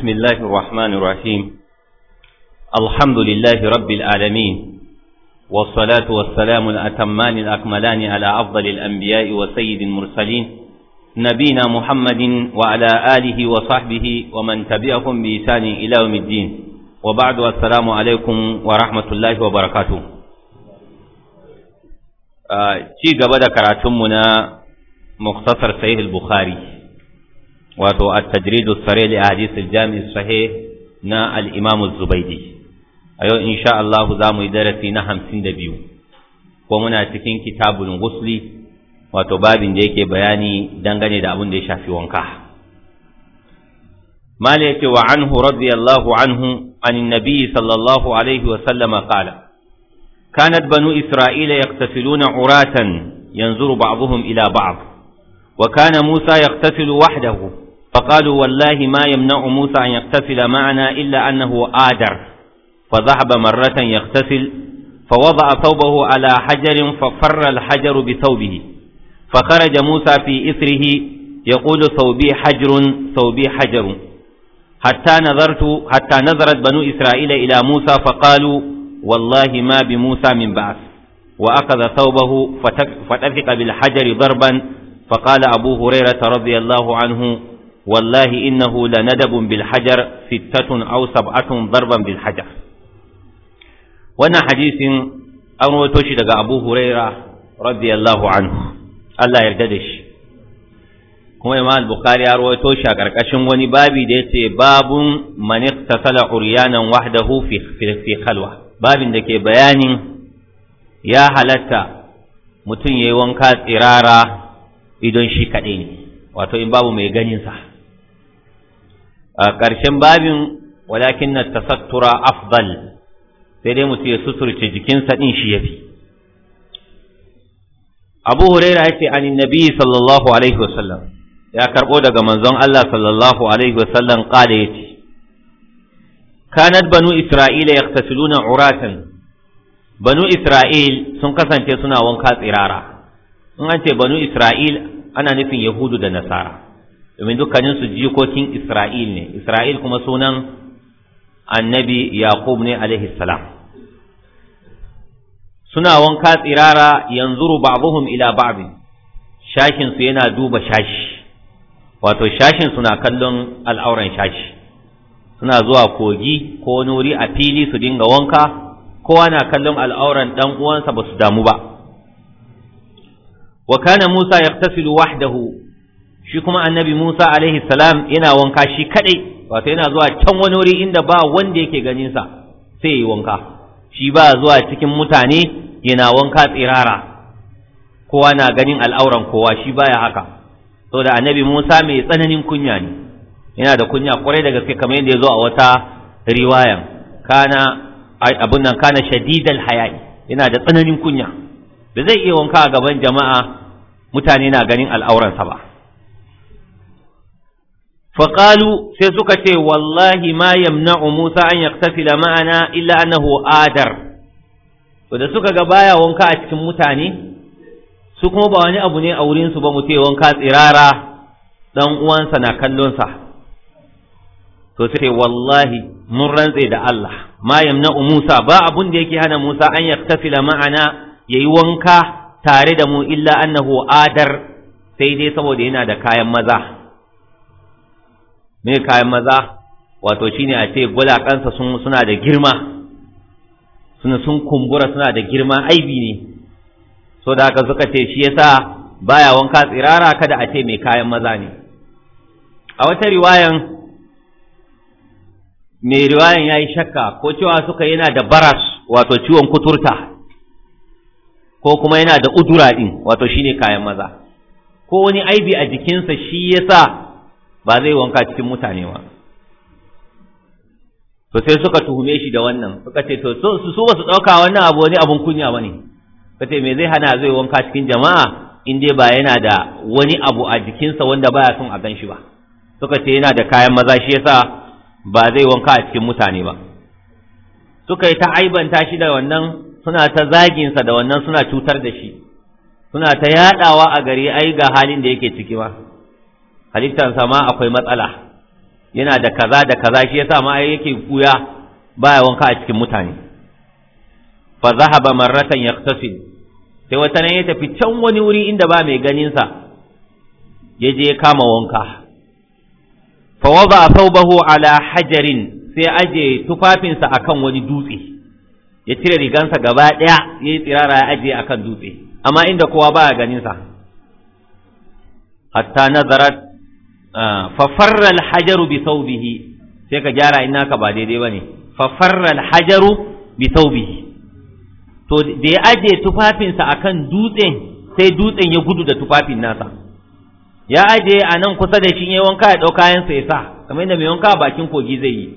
بسم الله الرحمن الرحيم الحمد لله رب العالمين والصلاة والسلام الأتمان الأكملان على أفضل الأنبياء وسيد المرسلين نبينا محمد وعلى آله وصحبه ومن تبعهم بإسان إلى يوم الدين وبعد السلام عليكم ورحمة الله وبركاته آه، شيء قبل كراتمنا مختصر سيه البخاري wato at-tajridu sarih li ahadith jami sahih na al-imam a yau insha Allah za mu yi darasi na hamsin da biyu, ko muna cikin kitabun gusli wato babin da yake bayani dangane da abin da ya shafi wanka mala yake wa anhu radiyallahu anhu anin nabiyyi sallallahu alaihi wa sallama qala kanat banu isra'ila yaqtasiluna uratan yanzuru ba'dhum ila ba'd وكان موسى يغتسل وحده فقالوا والله ما يمنع موسى أن يغتسل معنا إلا أنه آدر فذهب مرة يغتسل فوضع ثوبه على حجر ففر الحجر بثوبه فخرج موسى في إثره يقول ثوبي حجر ثوبي حجر حتى نظرت حتى نظرت بنو إسرائيل إلى موسى فقالوا والله ما بموسى من بعث وأخذ ثوبه فتفق بالحجر ضربا فقال أبو هريرة رضي الله عنه والله إنه لندب بالحجر ستة أو سبعة ضربا بالحجر وانا حديث أن وتوشي لغا أبو هريرة رضي الله عنه الله يرددش kuma imam bukhari ya rawaito shi a ƙarƙashin wani babi da yace babun man ikhtasala uryanan wahdahu fi fi khalwa babin da ke bayanin ya halatta mutum yayi wanka tsirara idon shi kaɗai ne wato in babu mai ganinsa a ƙarshen babin walakin na tasattura afdal sai dai mutum ya suturce jikinsa ɗin shi ya fi abu huraira ya ce an nabi sallallahu alaihi wasallam ya karɓo daga manzon allah sallallahu alaihi wasallam ƙala ya ce kanat banu isra'ila yaqtasiluna uratan banu isra'il sun kasance suna wanka tsirara in an ce banu isra'il ana nufin yahudu da nasara domin dukkanin jikokin isra'il ne isra'il kuma sunan annabi yaqub ne alaihi salam suna wanka tsirara yanzu ba'dhum ila ba'd shashin su yana duba shashi wato shashin na kallon al'auran shashi suna zuwa kogi ko nuri a fili su dinga wanka kowa na kallon al'auran ɗan uwansa ba su damu ba wa kana Musa yaqtasilu wahdahu shi kuma annabi Musa alaihi salam yana wanka shi kadai wato yana zuwa can wani wuri inda ba wanda yake ganin sa sai yi wanka shi ba zuwa cikin mutane yana wanka tsirara kowa na ganin al'auran kowa shi baya haka saboda annabi Musa mai tsananin kunya ne yana da kunya kwarai da gaske kamar yadda ya zo a wata riwayan kana abun nan kana shadidal haya'i yana da tsananin kunya Da zai iya wanka a gaban jama'a mutane na ganin al'auransa ba faƙalu sai suka ce wallahi ma yamna'u musa an da ma'ana illa annahu adar to da suka ga baya wanka a cikin mutane su kuma ba wani abu ne a wurinsu ba mu ce wanka tsirara dan uwansa na kallonsa to sai wallahi mun rantse da Allah ma yamna'u musa ba abun da yake hana musa an da ma'ana yayi wanka tare da mu illa annahu adar sai dai saboda yana da kayan maza me kayan maza wato shine a ce gulakansa sun suna da girma suna sun kumbura suna da girma aibi ne so da haka suka ce shi yasa baya wanka tsirara kada a ce mai kayan maza ne a wata riwayan mai riwayan ya yi shakka ko cewa suka yana da baras wato ciwon kuturta ko kuma yana da udura din wato shine kayan maza ko wani aibi a jikinsa shi yasa ba zai wanka cikin mutane ba to sai suka tuhume shi da wannan suka ce to su ba su dauka wannan abu wani abun kunya bane kace me zai hana zai wanka cikin jama'a in dai ba yana da wani abu a jikinsa wanda baya son a gan shi ba suka ce yana da kayan maza shi yasa ba zai wanka a cikin mutane ba suka yi ta aibanta shi da wannan suna ta zaginsa da wannan suna cutar da shi suna ta yadawa a gari ai ga halin da yake ciki ba. Halittar sama akwai matsala yana da kaza da kaza shi yasa ma yake kuya baya wanka a cikin mutane fa zahaba marratan yaqtasil sai wata nan ya tafi can wani wuri inda ba mai ganin sa ya je kama wanka fa wada thawbahu ala hajarin sai aje tufafinsa akan wani dutse ya cire rigansa gaba ɗaya ya yi tsirara ya ajiye a kan dutse amma inda kowa ba ya ganinsa hatta nazarat ah, fafarral hajaru bi saubihi sai ka gyara ina ka ba daidai ba ne fafarral hajaru bi saubihi to da ya ajiye tufafinsa a kan dutsen sai dutsen ya gudu da tufafin nasa ya ajiye a nan kusa da shi ya wanka ya ɗau kayansa ya sa kamar inda mai wanka a bakin kogi zai yi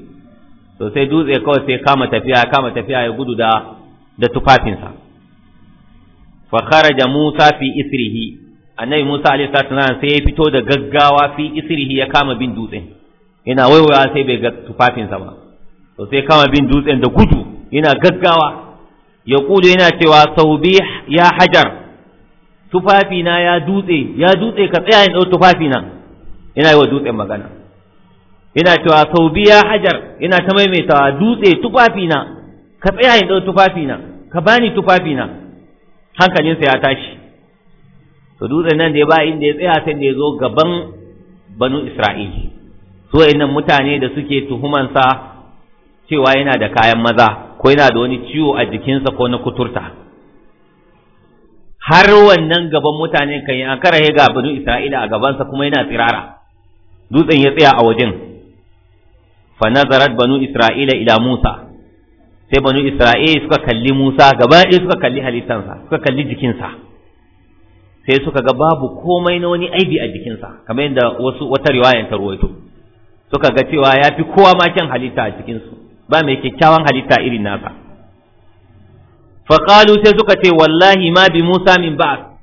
so sai dutse kawai sai kama tafiya kama tafiya ya gudu da da tufafinsa fa kharaja Musa fi isrihi annabi Musa alayhi salatu wasallam sai ya fito da gaggawa fi isrihi ya kama bin dutsen yana waiwaya sai bai ga tufafinsa ba to sai kama bin dutse da gudu yana gaggawa ya kudu yana cewa saubi ya hajar tufafina ya dutse ya dutse ka tsaya in dau tufafina yana yi wa dutsen magana yana cewa sau biya hajar yana ta maimaitawa dutse tufafina ka tsaya yin ɗau tufafina ka bani tufafina hankalinsa ya tashi to dutsen nan da ya ba inda ya tsaya sai da ya zo gaban banu isra'ili su nan mutane da suke tuhumansa cewa yana da kayan maza ko yana da wani ciwo a jikinsa ko na kuturta har wannan gaban mutane kan yi an ga banu isra'ila a gabansa kuma yana tsirara dutsen ya tsaya a wajen fa nazarat banu isra'ila ila musa sai banu isra'ila suka kalli musa gaba ɗaya suka kalli halittansa suka kalli jikinsa sai suka ga babu komai na wani aibi a jikinsa kamar yadda wasu wata riwaya ta ruwaito suka ga cewa ya fi kowa ma kyan halitta a jikinsu ba mai kyakkyawan halitta irin nasa faƙalu sai suka ce wallahi ma bi musa min ba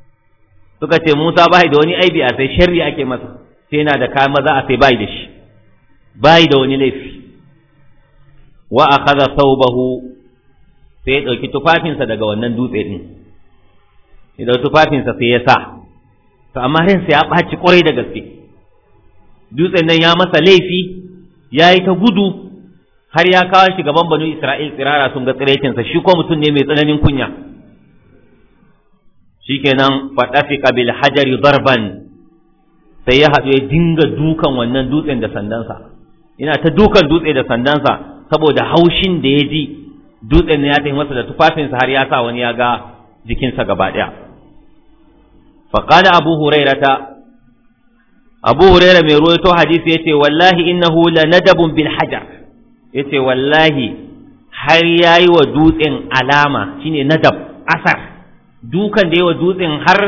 suka ce musa bai da wani aibi a sai sharri ake masa sai yana da kayan maza a sai bai da shi bai da wani laifi wa akhadha thawbahu sai ya ɗauki tufafinsa daga wannan dutse din ya ɗauki tufafinsa sai ya sa to amma sai ya ɓaci kwarai da gaske dutsen nan ya masa laifi ya yi ta gudu har ya kawo shi gaban banu isra'il tsirara sun ga tsiraitinsa shi ko mutum ne mai tsananin kunya shikenan faɗafi bil hajari darban sai ya haɗu ya dinga dukan wannan dutsen da sandansa Ina ta dukan dutse da sandansa saboda haushin da ya ji dutsen ya tafi masa da tufafinsa har ya sa wani ya ga jikinsa gaba ɗaya faƙada abu ta abu huraira mai ruwa to hadisi ya ce wallahi innahu la nadabun bil hajar ya ce wallahi har ya yi wa dutsen alama shine nadab asar dukan da yi wa dutsen har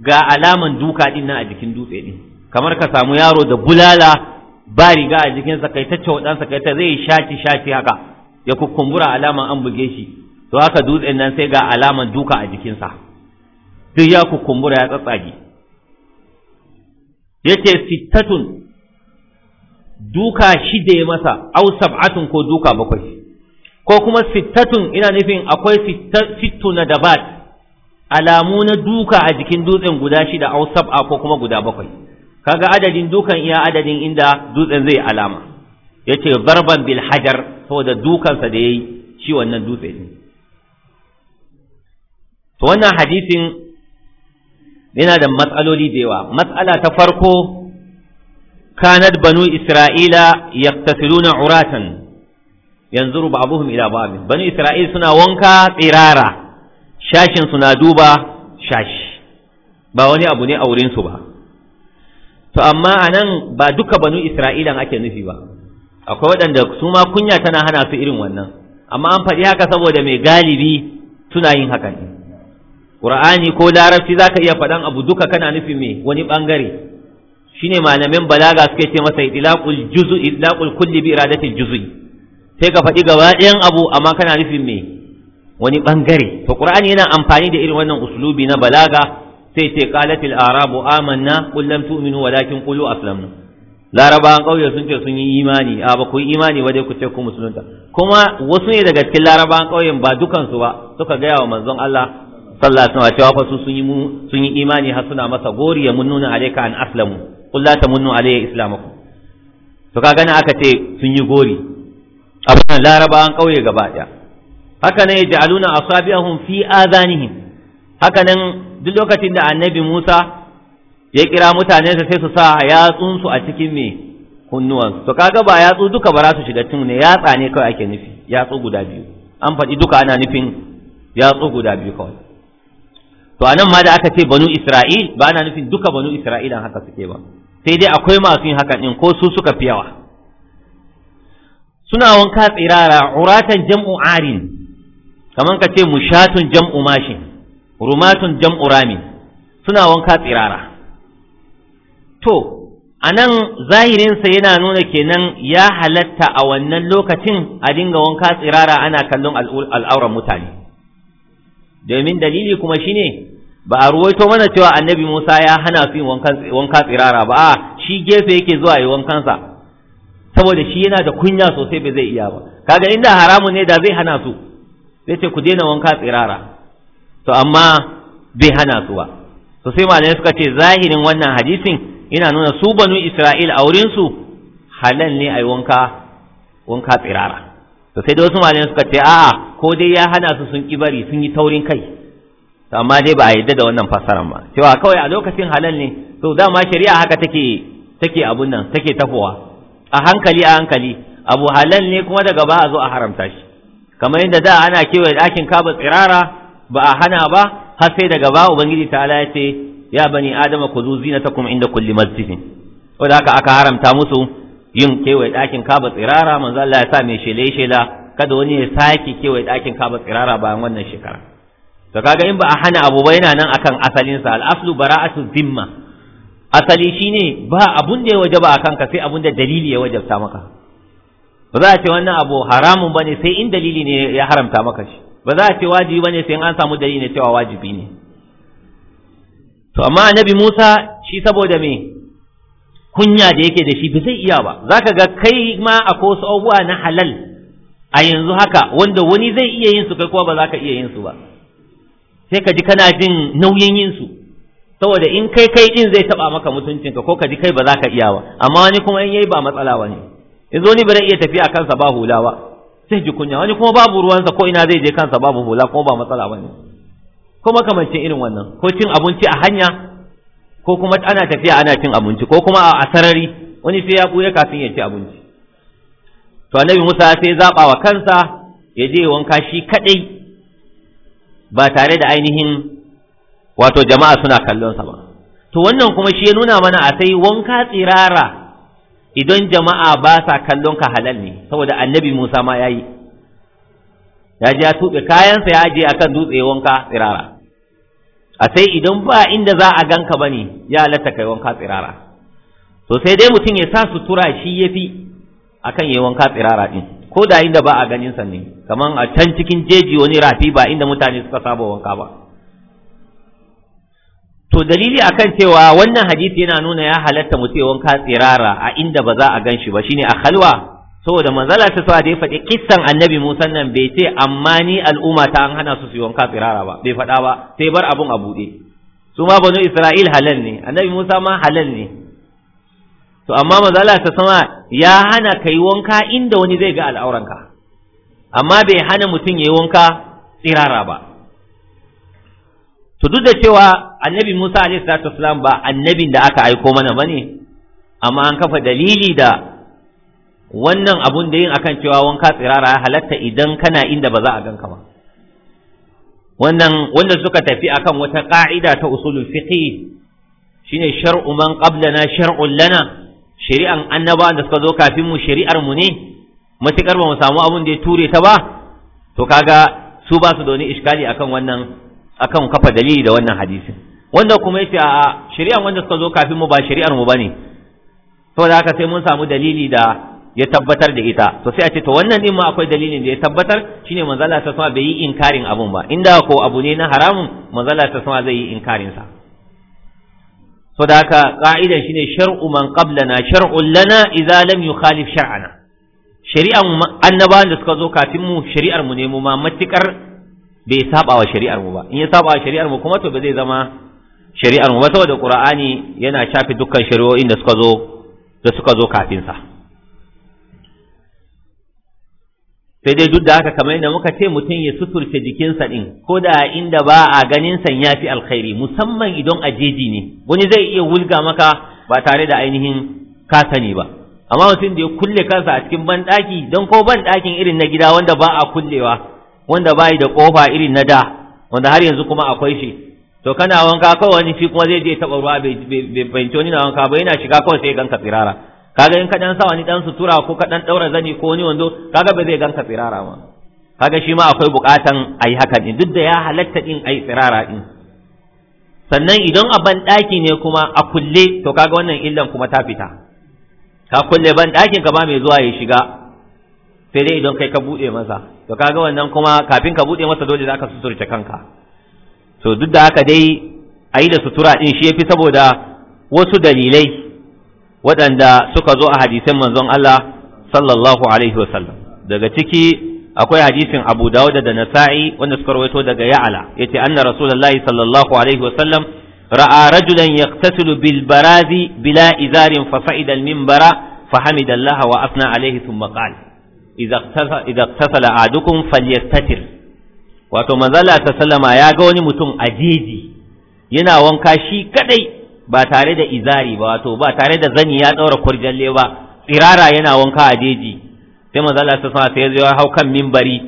ga alaman duka ɗin nan a jikin dutse ɗin kamar ka samu yaro da bulala ba riga a sa kai ta caudansa kai ta zai shaki shaki haka ya kukumbura alaman an buge shi to haka dutsen nan sai ga alaman duka a jikinsa duk ya kukumbura ya tsatsage yace sittatun duka shida ya masa au sab'atun ko duka bakwai ko kuma sittatun ina nufin akwai sittu na dabat alamu na duka a jikin dutsen guda shida au sab'a ko kuma guda bakwai kaga adadin dukan iya adadin inda dutsen zai alama yace barban bil hajar saboda dukansa da yayi shi wannan dutse din to wannan hadisin yana da matsaloli da yawa matsala ta farko kanat banu isra'ila yaqtasiluna uratan yanzuru ba'dhum ila ba'd banu isra'il suna wanka tsirara shashin suna duba shashi ba wani abu ne a wurin su ba to amma a nan ba duka banu isra'ilan ake nufi ba akwai waɗanda su ma kunya tana hana su irin wannan amma an faɗi haka saboda mai galibi suna yin haka ne qur'ani ko larabci zaka iya faɗan abu duka kana nufi me wani bangare shine malamin balaga suke ce masa idlaqul juzu idlaqul kulli bi iradatil juz'i sai ka faɗi gaba ɗayan abu amma kana nufin me wani bangare to qur'ani yana amfani da irin wannan uslubi na balaga sai ce qalatil arabu amanna qul lam tu'minu walakin qulu aslamna larabawan kauye sun ce sun yi imani a ba ku imani ba dai ku ce ku musulunta kuma wasu ne daga cikin larabawan kauyen ba dukansu ba suka gaya wa manzon Allah sallallahu alaihi wasallam cewa fa sun yi sun yi imani har suna masa gori ya munnuna alayka an aslamu qul la tamunnu alayya islamakum to kaga nan aka ce sun yi gori abin larabawan kauye gaba daya haka ne nan yaj'aluna asabi'ahum fi adanihim haka nan duk lokacin da annabi Musa ya kira sa sai su sa yatsunsu a cikin me kunnuwansu to kaga ba yatsu duka ba za su shiga tun ne yatsa ne kawai ake nufi yatsu guda biyu an faɗi duka ana nufin yatsu guda biyu kawai to anan ma da aka ce banu Isra'il ba ana nufin duka banu Isra'ilan haka suke ba sai dai akwai masu yin hakan din ko su suka fi yawa suna wanka tsirara uratan jam'u arin kaman ka ce mushatun jam'u mashin rumatun jam'u suna wanka tsirara to anan zahirinsa yana nuna kenan ya halatta a wannan lokacin a dinga wanka tsirara ana kallon al'auran mutane domin dalili kuma shine ba a ruwaito mana cewa annabi Musa ya hana su yin wanka tsirara ba shi gefe yake zuwa yi wankansa saboda shi yana da kunya sosai bai zai iya ba kaga inda haramun ne da zai hana su zai ce ku daina wanka tsirara to amma bai hana su ba to sai malamai suka ce zahirin wannan hadisin yana nuna su banu Isra'il a wurin su halal ne ai wanka wanka tsirara to sai da wasu malamai suka ce a'a ko dai ya hana su sun ki bari sun yi taurin kai to amma dai ba a yadda da wannan fasaran ba cewa kawai a lokacin halal ne to dama shari'a haka take take abun nan take tafowa a hankali a hankali abu halal ne kuma daga ba a zo a haramta shi kamar yadda da ana kewaye ɗakin kaba tsirara ba a hana ba har sai daga ba ubangiji ta ala ya ce ya bani adama ku zu kuma inda kulli masjidin wanda haka aka haramta musu yin kewaye ɗakin kaba tsirara manzo Allah ya sa mai shele shela kada wani ya sake kewaye ɗakin kaba tsirara bayan wannan shekara to kaga in ba a hana abu ba yana nan akan asalin sa al-aslu bara'atu zimma asali shine ba abun da ya wajaba akan ka sai abun da dalili ya wajabta maka ba za a ce wannan abu haramun bane sai in dalili ne ya haramta maka shi ba za a ce wajibi bane sai an samu dalili ne cewa wajibi ne to amma annabi Musa shi saboda me kunya da yake da shi ba zai iya ba zaka ga kai ma a wasu abubuwa na halal a yanzu haka wanda wani zai iya yin su kai kuma ba za ka iya yin su ba sai ka ji kana jin nauyin yin su saboda in kai kai din zai taba maka mutuncinka ko ka ji kai ba za ka iya ba amma wani kuma in yayi ba matsala ba ne yanzu wani bare iya tafiya kansa ba hulawa. sai ji kunya wani kuma babu ruwansa ko ina zai je kansa babu hula ko ba matsala ba ne ko makamancin irin wannan ko cin abinci a hanya ko kuma ana tafiya ana cin abinci ko kuma a sarari wani sai ya buya kafin ya ci abinci to annabi Musa sai zaba wa kansa ya je wanka shi kadai ba tare da ainihin wato jama'a suna kallon sa ba to wannan kuma shi ya nuna mana a sai wanka tsirara idan jama'a ba sa kallon ka halal ne saboda annabi Musa ma yayi ya ji ya tuɓe kayansa ya aje akan dutse wanka tsirara a sai idan ba inda za a ganka bane ya halatta kai wanka tsirara to sai dai mutum ya sa sutura shi yafi akan yi wanka tsirara din ko da inda ba a ganin sa ne kaman a can cikin jeji wani rafi ba inda mutane suka saba wanka ba to dalili akan cewa wannan hadisi yana nuna ya halatta mutum ya wanka tsirara a inda ba za a gan shi ba shine a khalwa saboda manzala ta sa da ya faɗi kissan annabi Musa nan bai ce amma ni al'umma ta an hana su su wanka tsirara ba bai faɗa ba sai bar abun a buɗe su ma banu Isra'il halal ne annabi Musa ma halal ne to amma manzala ta sama ya hana kai wanka inda wani zai ga al'auranka amma bai hana mutum ya yi wanka tsirara ba to duk da cewa annabi Musa alaihi salatu ba annabin da aka aiko mana ne, amma an kafa dalili da wannan abun da yin akan cewa wanka tsirara ya halatta idan kana inda ba za a ganka ba wannan wanda suka tafi akan wata ka'ida ta usulul fiqh shine shar'u man qablana shar'un lana shari'an annaba da suka zo kafin mu shari'ar mu ne matukar ba mu samu abun da ya ture ta ba to kaga su ba su da wani iskali akan wannan akan kafa dalili da wannan hadisin wanda kuma yace a shari'an wanda suka zo kafin mu ba shari'ar mu bane saboda haka sai mun samu dalili da ya tabbatar da ita to sai a ce to wannan din ma akwai dalilin da ya tabbatar shine manzala ta sama bai yi inkarin abun ba inda ko abu ne na haramun manzala ta sama zai yi inkarin sa to da haka ka'idan shine shar'u man qablana shar'un lana idza lam yukhalif shar'ana shari'an annabawan da suka zo kafin mu shari'ar mu ne mu ma matikar bai saba wa shari'ar mu ba in ya saba wa shari'ar mu kuma to ba zai zama shari'ar mu ba saboda qur'ani yana shafi dukkan shari'o'in da suka zo da suka zo kafin sa sai dai duk da haka kamar yadda muka ce mutum ya suturce jikinsa din ko da inda ba a ganin san yafi alkhairi musamman idan a jeji ne wani zai iya wulga maka ba tare da ainihin ka sani ba amma mutum da ya kulle kansa a cikin banɗaki don ko banɗakin irin na gida wanda ba a kullewa wanda bai da kofa irin na da wanda har yanzu kuma akwai shi to kana wanka kawai wani shi kuma zai je taba ruwa bai fahimci ni na wanka ba yana shiga kawai sai ganka firara kaga in ka dan sa wani dan sutura ko ka dan daura zani ko ni wando kaga ba zai ganka firara ma kaga shi ma akwai bukatan ayi haka din duk da ya halatta din ayi firara din sannan idan a ban daki ne kuma a kulle to kaga wannan illan kuma ta fita ka kulle ban dakin ka ba mai zuwa ya shiga sai dai idan kai ka bude masa to kaga wannan kuma kafin ka bude masa dole zaka suturce kanka to duk da haka dai a yi da sutura din shi yafi saboda wasu dalilai waɗanda suka zo a hadisin manzon Allah sallallahu alaihi wasallam daga ciki akwai hadisin Abu Dawud da Nasa'i wanda suka rawaito daga Ya'la yace anna Rasulullahi sallallahu alaihi wasallam ra'a rajulan yaqtasilu bil barazi bila izarin fa sa'ida al minbara fa hamida Allah wa asna alaihi thumma qala idza iktasala ahadukum falyastatir wato manzala ta sallama ya ga wani mutum a jeji yana wanka shi kadai ba tare da izari ba wato ba tare da zani ya daura kurjalle ba tsirara yana wanka a jeji sai manzala ta sallama sai ya zo ya hau kan minbari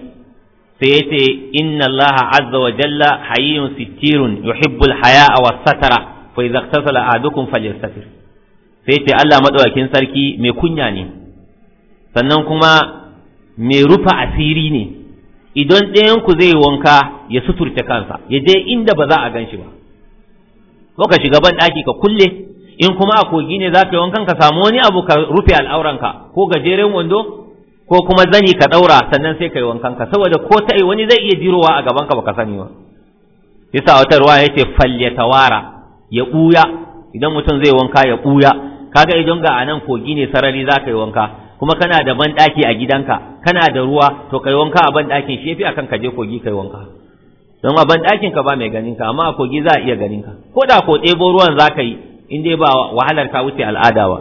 sai ya ce inna allaha azza wa jalla hayyun sittirun yuhibbul haya'a was satara fa idza iktasala ahadukum falyastatir sai ya ce Allah madaukakin sarki mai kunya ne sannan kuma mai rufa asiri ne idan ɗayanku zai wanka ya suturta kansa ya je inda ba za a gan shi ba ko ka shiga ban ɗaki ka kulle in kuma a kogi ne za ka yi wankan ka samu wani abu ka rufe al'auranka ko gajeren wando ko kuma zani ka ɗaura sannan sai ka yi wankan ka saboda ko ta wani zai iya jirowa a gaban ka baka sani ba yasa wata ruwa ya ce wara ya ɓuya idan mutum zai wanka ya ɓuya kaga idan ga nan kogi ne sarari za ka yi wanka kuma kana da ban a gidanka kana da ruwa to kai wanka a ban dakin shi yafi akan kaje je kogi kai wanka don a ban ka ba mai ganin ka amma a kogi za a iya ganin ka ko da ko ɗebo ruwan za ka yi in dai ba wahalar ka wuce al'ada ba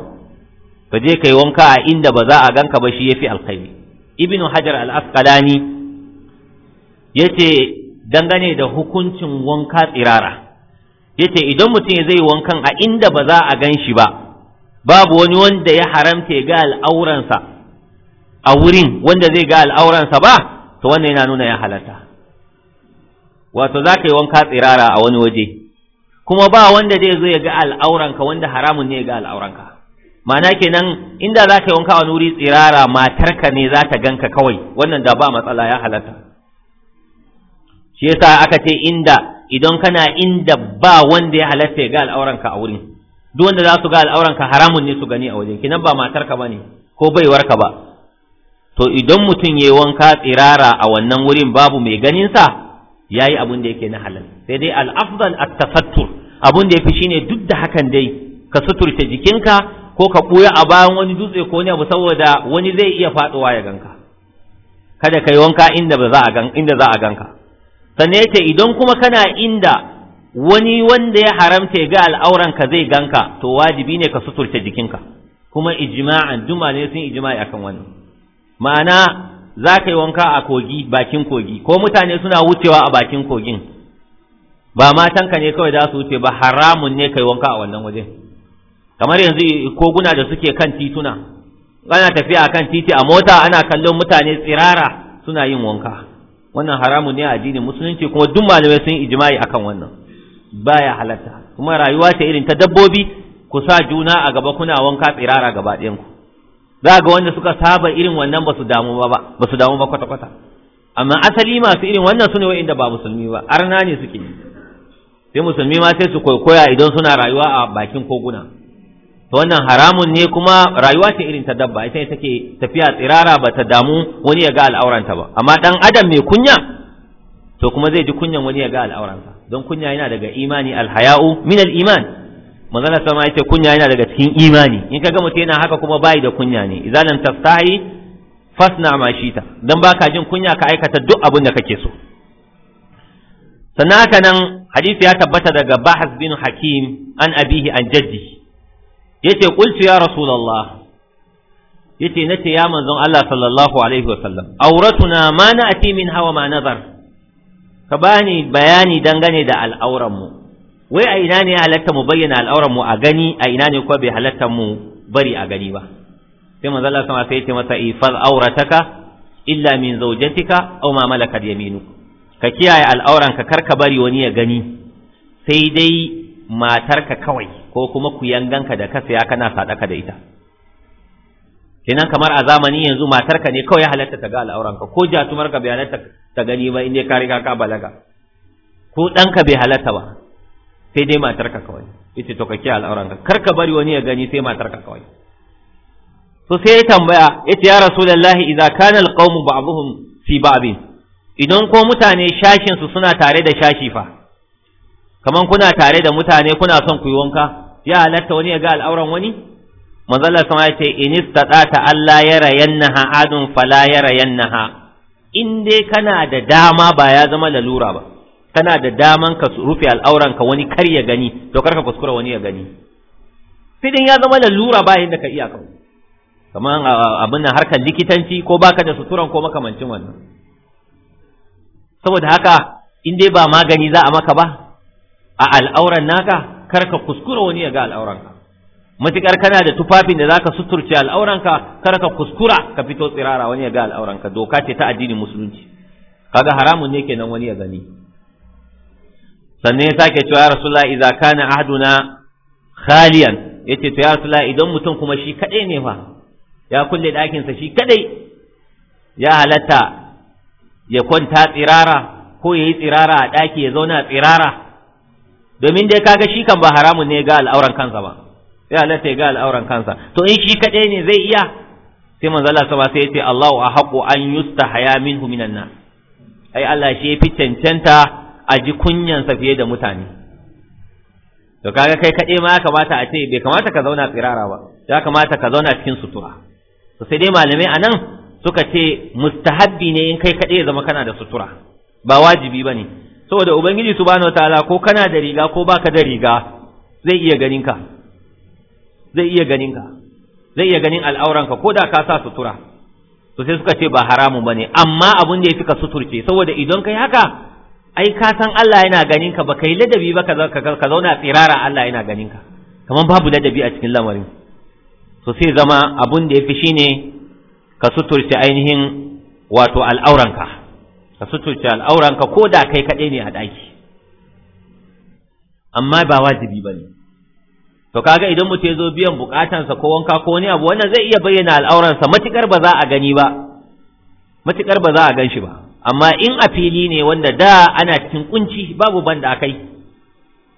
ka je kai wanka a inda ba za a ganka ba shi yafi alkhairi ibnu hajar al-asqalani yace dangane da hukuncin wanka tsirara yace idan mutum zai wankan a inda ba za a gan shi ba babu wani wanda ya haramta ya ga al'auransa a wurin wanda zai ga al'auransa ba to wannan yana nuna ya halarta wato za ka yi wanka tsirara a wani waje kuma ba wanda zai zo ya ga al'auranka wanda haramun ne ya ga al'auranka ma'ana kenan inda za ka yi wanka a wani wuri tsirara matarka ne za ta ganka kawai wannan da ba matsala ya halarta shi yasa aka ce inda idan kana inda ba wanda ya halarta ya ga al'auranka a wurin duk wanda za su ga al'auranka haramun ne su gani a wajen kinan ba matarka ba ne ko baiwarka ba to idan mutum ya yi wanka tsirara a wannan wurin babu mai ganinsa ya yi abin da yake na halal sai dai al'afdal at-tafattur abin da ya fi shine duk da hakan dai ka suturta jikinka ko ka ɓuya a bayan wani dutse ko wani abu saboda wani zai iya faɗowa ya ganka kada ka yi wanka inda za a inda za a ganka sannan yace idan kuma kana inda wani wanda ya haramta ya ga al'auranka zai ganka to wajibi ne ka suturta jikinka kuma ijma'an juma ne sun ijma'i akan wannan ma'ana za ka yi wanka a kogi bakin kogi ko mutane suna wucewa a bakin kogin ba matanka ne kawai za su wuce ba haramun ne ka yi wanka a wannan waje kamar yanzu koguna da suke kan tituna ana tafiya kan titi a mota ana kallon mutane tsirara suna yin wanka wannan haramun ne a addinin musulunci kuma duk malamai sun ijma'i akan wannan baya halatta kuma rayuwa ce irin ta dabbobi ku sa juna a gaba kuna wanka tsirara gaba ɗayan ku za ga wanda suka saba irin wannan ba su damu ba ba su damu ba kwata kwata amma asali masu irin wannan sune wa'inda ba musulmi ba arna ne suke sai musulmi ma sai su koya idan suna rayuwa a bakin koguna to wannan haramun ne kuma rayuwa ce irin ta dabba ita take tafiya tsirara ba ta damu wani ya ga al'auranta ba amma dan adam mai kunya to kuma zai ji kunyan wani ya ga al'auransa don kunya yana daga imani alhaya'u min al-iman manzala sama yace kunya yana daga cikin imani in kaga mutum yana haka kuma bai da kunya ne idan lam fasna ma shita dan baka jin kunya ka aikata duk abin da kake so sannan haka nan hadisi ya tabbata daga Bahas bin Hakim an abihi an jaddi yace qultu ya rasulullah yace nace ya manzon Allah sallallahu alaihi wasallam auratuna ma na'ti min hawa ma nazar ka bani bayani dangane da al'auran mu wai a ina ne halatta mu bayyana al'auran a gani a ina ne kuma bai halatta mu bari a gani ba sai manzo Allah sama sai ya ce masa ifal aurataka illa min zawjatika aw ma malakat yaminuk ka kiyaye al'auran ka karka bari wani ya gani sai dai matarka kawai ko kuma ku yanganka da ka saya kana sadaka da ita kenan kamar a zamani yanzu matarka ne kawai ya halatta ta ga al'auranka ko jatumar ka bai halatta ta gani ba inda ka riga ka balaga ko ɗanka bai halatta ba sai dai matarka kawai ita to ka ke al'auranka kar ka bari wani ya gani sai matarka kawai to sai ya tambaya yace ya rasulullahi idza kana alqawmu ba'dhum fi ba'din idan ko mutane shashin su suna tare da shashi fa kaman kuna tare da mutane kuna son ku yi wanka ya halatta wani ya ga al'auran wani manzala sama ya ce in istata Allah ya rayannaha adun fala ya rayanna in dai kana da dama ba ya zama lalura ba kana da daman ka rufe al'auran ka wani kar ya gani to karka kuskura wani ya gani fidin ya zama lalura ba yadda ka iya ka kamar abin nan harkar likitanci ko baka da suturan ko makamancin wannan saboda haka in dai ba magani za a maka ba a al'auran naka karka kuskura wani ya ga al'auranka matukar kana da tufafin da zaka suturce al'auranka kar ka kuskura ka fito tsirara wani ya ga al'auranka doka ce ta addinin musulunci kaga haramun ne kenan wani ya gani sannan ya sake cewa ya rasulullah idza kana ahduna khaliyan yace to ya rasulullah idan mutum kuma shi kadai ne fa ya kulle dakin sa shi kadai ya halatta ya kwanta tsirara ko yayi tsirara a daki ya zauna tsirara domin dai kaga shi kan ba haramun ne ga al'auran kansa ba ya Allah ya ga al'auran kansa to in shi kaɗai ne zai iya sai manzo Allah sama sai yace Allahu hako an yustahaya minhu minan nas ai Allah shi yafi cancanta a ji kunyan sa fiye da mutane to kaga kai kaɗai ma ya kamata a ce bai kamata ka zauna tsirara ba ya kamata ka zauna cikin sutura to sai dai malamai anan suka ce mustahabbi ne in kai kaɗai ya zama kana da sutura ba wajibi bane saboda ubangiji subhanahu wataala ko kana da riga ko baka da riga zai iya ganin ka zai iya ganin ka zai iya ganin al'auranka ko da ka sa sutura to sai suka ce ba haramun bane amma abun da ya fika suturce saboda idan kai haka ai ka san Allah yana ganin ka ba kai ladabi ba ka zauna tsirara Allah yana ganin ka kamar babu ladabi a cikin lamarin to sai zama abun da ya fi shine ka suturce ainihin wato al'auranka ka suturce al'auranka ko da kai kaɗai ne a ɗaki amma ba wajibi bane to kaga idan mutum ya zo biyan bukatansa ko wanka ko wani abu wannan zai iya bayyana al'auransa matukar ba za a gani ba matukar ba za a gan shi ba amma in a fili ne wanda da ana cikin kunci babu banda kai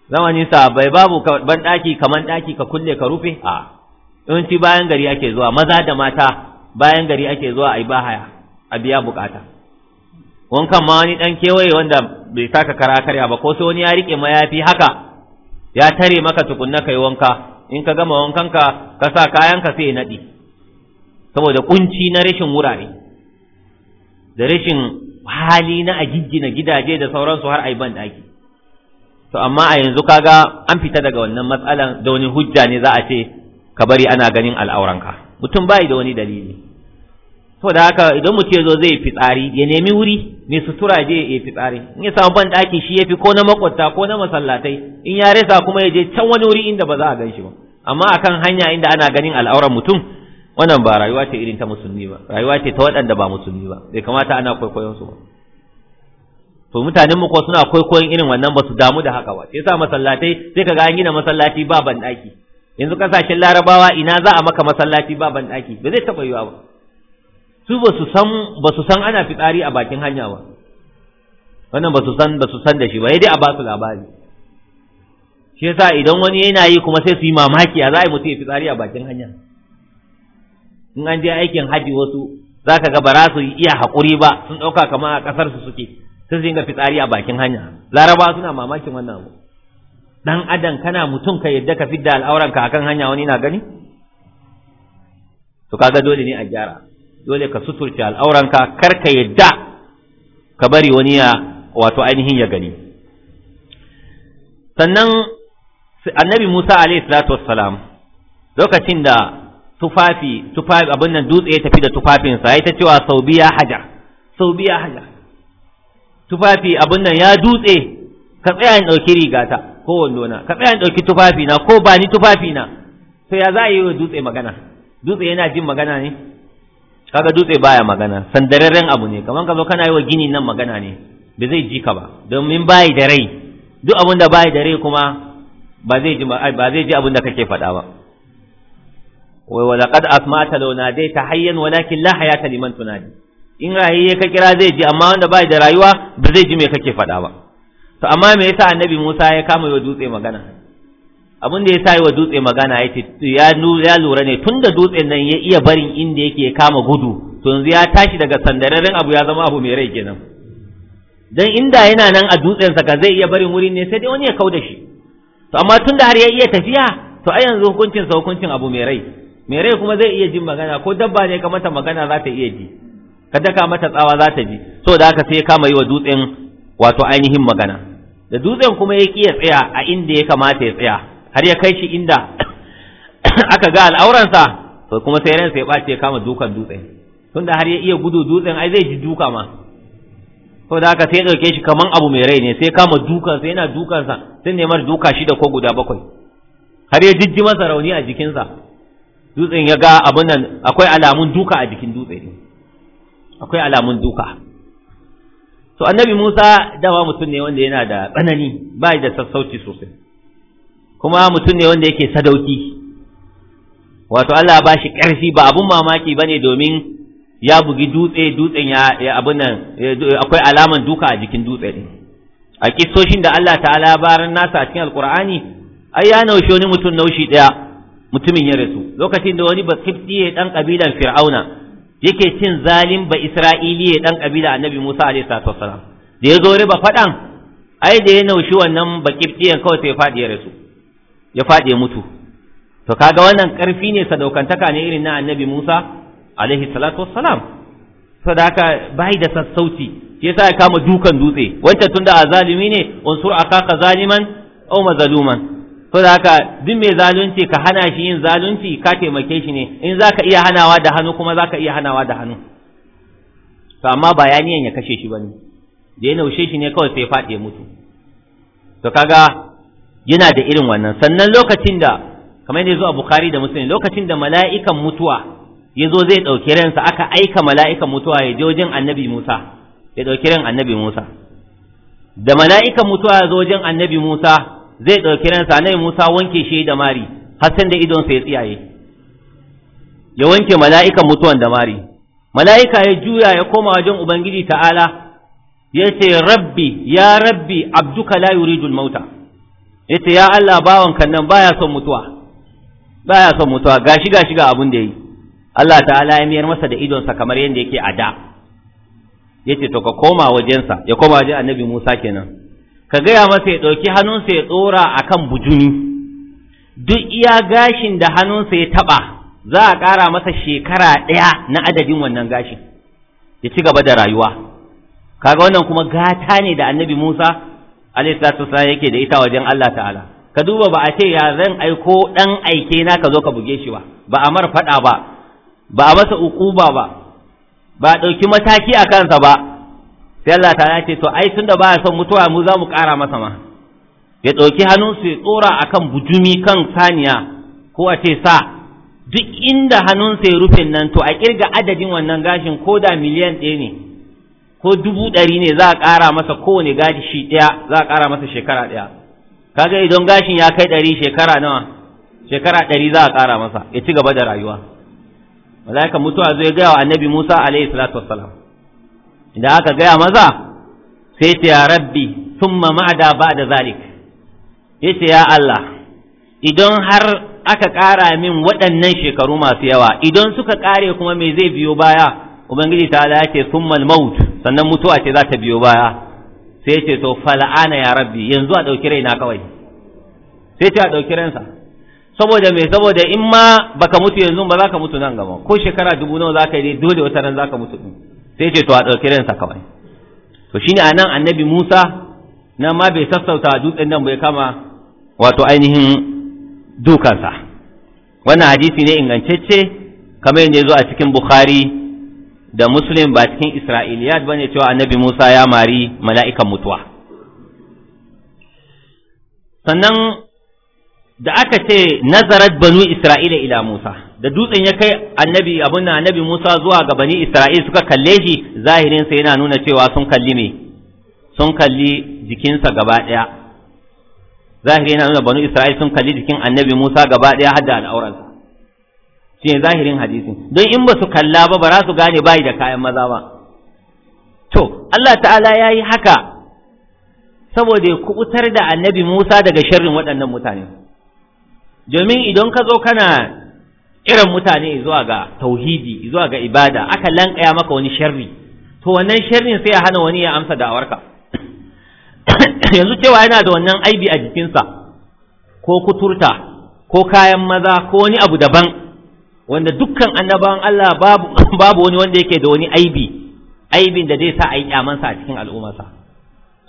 zamanin sa bai babu ban daki kaman daki ka kulle ka rufe a yawanci bayan gari ake zuwa maza da mata bayan gari ake zuwa ai bahaya a biya bukata wankan ma wani dan kewaye wanda bai saka kara karya ba ko sai wani ya rike mayafi haka ya tare maka tukunna kai wanka in ka gama wankan ka sa ka sai naɗi saboda kunci na rashin wurare da rashin hali na a giggina gidaje da sauransu har a yi ban ɗaki to amma a yanzu kaga an fita daga wannan matsalan da wani hujja ne za a ce ka bari ana ganin al'auranka mutum bai da wani dalili so da haka idan mu ya zo zai fitsari ya nemi wuri ne sutura je ya fitsari in ya samu ban daki shi ya fi ko na makwabta ko na masallatai in ya resa kuma ya je can wani wuri inda ba za a gan shi ba amma akan hanya inda ana ganin al'auran mutum wannan ba rayuwa ce irin ta musulmi ba rayuwa ce ta waɗanda ba musulmi ba bai kamata ana kwaikwayon su ba to mutanen mu ko suna kwaikwayon irin wannan ba su damu da haka ba sai sa masallatai sai kaga an gina masallaci ba ban ɗaki yanzu kasashen larabawa ina za a maka masallaci ba ban ɗaki ba zai taba yiwa ba su ba su san ba su san ana fitsari a bakin hanya ba wannan ba su san ba su san da shi ba dai a ba su labari shi yasa idan wani yana yi kuma sai su yi mamaki a za a yi mutum ya fitsari a bakin hanya in an je aikin haji wasu za ka ga ba za su iya haƙuri ba sun ɗauka kama a ƙasar su suke sun su dinga fitsari a bakin hanya laraba suna mamakin wannan abu dan adam kana mutum ka yadda ka fidda al'auranka akan hanya wani na gani to kaga dole ne a gyara dole ka suturce al'auranka kar ka yadda ka bari wani ya wato ainihin ya gani sannan annabi Musa alaihi salatu wassalam lokacin da tufafi tufafi abin nan dutse ya tafi da tufafinsa ya ta cewa sau biya hajar sau biya hajar tufafi abin nan ya dutse ka tsaya in ɗauki rigata ko wando na ka tsaya in ɗauki tufafi na ko ba ni tufafi na to ya za a yi wa dutse magana dutse yana jin magana ne kaga dutse baya magana sandararren abu ne kamar ka zo kana yi wa gini nan magana ne ba zai ji ka ba domin bayi da rai duk abin da bayi da rai kuma ba zai ji ba zai ji abin da kake faɗa ba wai wa laqad asma'ta law ta hayyan walakin la hayata liman tunadi in rayiye ka kira zai ji amma wanda bayi da rayuwa ba zai ji me kake faɗa ba to amma me yasa annabi Musa ya kama wa dutse magana abin da ya sa wa dutse magana ya ce ya lura ne tun da dutsen nan ya iya barin inda yake kama gudu to yanzu ya tashi daga sandararren abu ya zama abu mai rai kenan dan inda yana nan a dutsen sa ka zai iya barin wurin ne sai dai wani ya kau da shi to amma tun da har ya iya tafiya to a yanzu hukuncin sa hukuncin abu mai rai mai rai kuma zai iya jin magana ko dabba ne ka mata magana za ta iya ji ka daka mata tsawa za ta ji so da haka sai ya kama yi wa dutsen wato ainihin magana da dutsen kuma ya ki ya tsaya a inda ya kamata ya tsaya har ya kai shi inda aka ga al'auransa to kuma sai ransa ya ɓace kama dukan dutse tunda har ya iya gudu dutsen ai zai ji duka ma ko da haka sai ya ɗauke shi kaman abu mai rai ne sai kama dukan sai yana dukansa sai nemar duka shida ko guda bakwai har ya jijji masa rauni a jikinsa dutsen ya ga abin nan akwai alamun duka a jikin dutse akwai alamun duka to annabi Musa dama mutum ne wanda yana da tsanani ba da sassauci sosai kuma mutum ne wanda yake sadauki wato Allah ba shi ƙarfi ba abun mamaki ne domin ya bugi dutse dutsen ya abun nan akwai alaman duka a jikin dutse din a kissoshin da Allah ta'ala barin nasa a cikin Alkur'ani, ai ya naushe wani mutum naushi daya mutumin ya rasu lokacin da wani baskifti dan ƙabilan fir'auna yake cin zalim ba Isra'ili ya dan kabila annabi Musa alayhi salatu wasalam da ya zo riba faɗan, ai da ya naushi wannan bakiftiyan kawai sai fadi ya rasu ya faɗi mutu to kaga wannan ƙarfi ne sadaukantaka ne irin na annabi Musa alaihi salatu wassalam sadaka bai da sassauci shi yasa ya kama dukan dutse wancan tunda azalimi ne unsur akaka zaliman aw mazaluman da haka duk mai zalunci ka hana shi yin zalunci ka taimake shi ne in za ka iya hanawa da hannu kuma zaka iya hanawa da hannu to amma ba ya kashe shi bane da ya naushe shi ne kawai sai ya fade mutu to kaga yana da irin wannan sannan lokacin da kamar yadda zo a bukari da musulmi lokacin da mala'ikan mutuwa ya zo zai ɗauki ransa aka aika mala'ikan mutuwa ya je wajen annabi Musa ya ɗauki ran annabi Musa da mala'ikan mutuwa ya zo wajen annabi Musa zai ɗauki ransa annabi Musa wanke shi da mari har san da sa ya tsiyaye ya wanke mala'ikan mutuwan da mari mala'ika ya juya ya koma wajen Ubangiji ta'ala ya ce rabbi ya rabbi abduka la yuridul mauta yace ya Allah bawan kan nan baya son mutuwa baya son mutuwa gashi gashi ga abin da yi Allah ta'ala ya miyar masa da idonsa kamar yadda yake a da yace to ka koma wajensa ya koma wajen annabi Musa kenan ka gaya masa ya ɗauki hannunsa ya tsora akan bujuni duk iya gashin da hannunsa ya taɓa za a ƙara masa shekara ɗaya na adadin wannan gashin ya ci gaba da rayuwa kaga wannan kuma gata ne da annabi Musa alaihi salatu wasallam yake da ita wajen Allah ta'ala ka duba ba a ce ya zan aiko dan aike na ka zo ka buge shi ba ba a mar fada ba ba a masa ukuba ba ba a ɗauki mataki a kansa ba sai Allah ta'ala ce to ai tunda ba son mutuwa mu za mu kara masa ma ya ɗauki hannunsu ya tsora akan bujumi kan saniya ko a ce sa duk inda hannunsa ya rufe nan to a kirga adadin wannan gashin ko da miliyan ɗaya ne ko dubu ɗari ne za a ƙara masa kowane gadi shi ɗaya za a ƙara masa shekara ɗaya kaga idan gashin ya kai ɗari shekara nawa shekara ɗari za a ƙara masa ya ci gaba da rayuwa malaika mutuwa zai gaya wa annabi musa alaihi salatu wassalam idan aka gaya maza sai ta ya rabbi thumma ma'ada ba'da zalik yace ya allah idan har aka ƙara min waɗannan shekaru masu yawa idan suka ƙare kuma me zai biyo baya ubangiji ta ala ce summal maut sannan mutuwa ce za ta biyo baya sai ce to fal'ana ya rabbi yanzu a ɗauki raina kawai sai ce a ɗauki ransa saboda me saboda in ma baka mutu yanzu ba za ka mutu nan gaba ko shekara dubu nawa za ka yi dole wata nan za ka mutu ɗin sai ce to a ɗauki ransa kawai to shine a nan annabi musa nan ma bai sassauta dutsen nan bai kama wato ainihin dukansa wannan hadisi ne ingantacce kamar yadda ya zo a cikin bukhari da muslim ba cikin isra'iliyat ne cewa annabi musa ya mari mala'ikan mutuwa sannan da aka ce nazarat banu isra'ila ila musa da dutsen ya kai annabi abin nan annabi musa zuwa ga bani isra'ila suka kalle shi zahirinsa yana nuna cewa sun kalli me sun kalli jikinsa gaba ɗaya. zahiri yana nuna banu isra'ila sun kalli jikin annabi musa gaba ɗaya har da al'auransa shine zahirin hadisin don in ba su kalla ba ba za su gane bai da kayan maza ba to Allah ta'ala ya yi haka saboda ya kubutar da annabi Musa daga sharrin waɗannan mutane domin idan ka zo kana irin mutane zuwa ga tauhidi zuwa ga ibada aka lankaya maka wani sharri to wannan sharrin sai ya hana wani ya amsa da'awarka yanzu cewa yana da wannan aibi a jikinsa ko kuturta ko kayan maza ko wani abu daban wanda dukkan annabawan Allah babu babu wani wanda yake da wani aibi aibin da zai sa a yi kyamansa a cikin al'ummarsa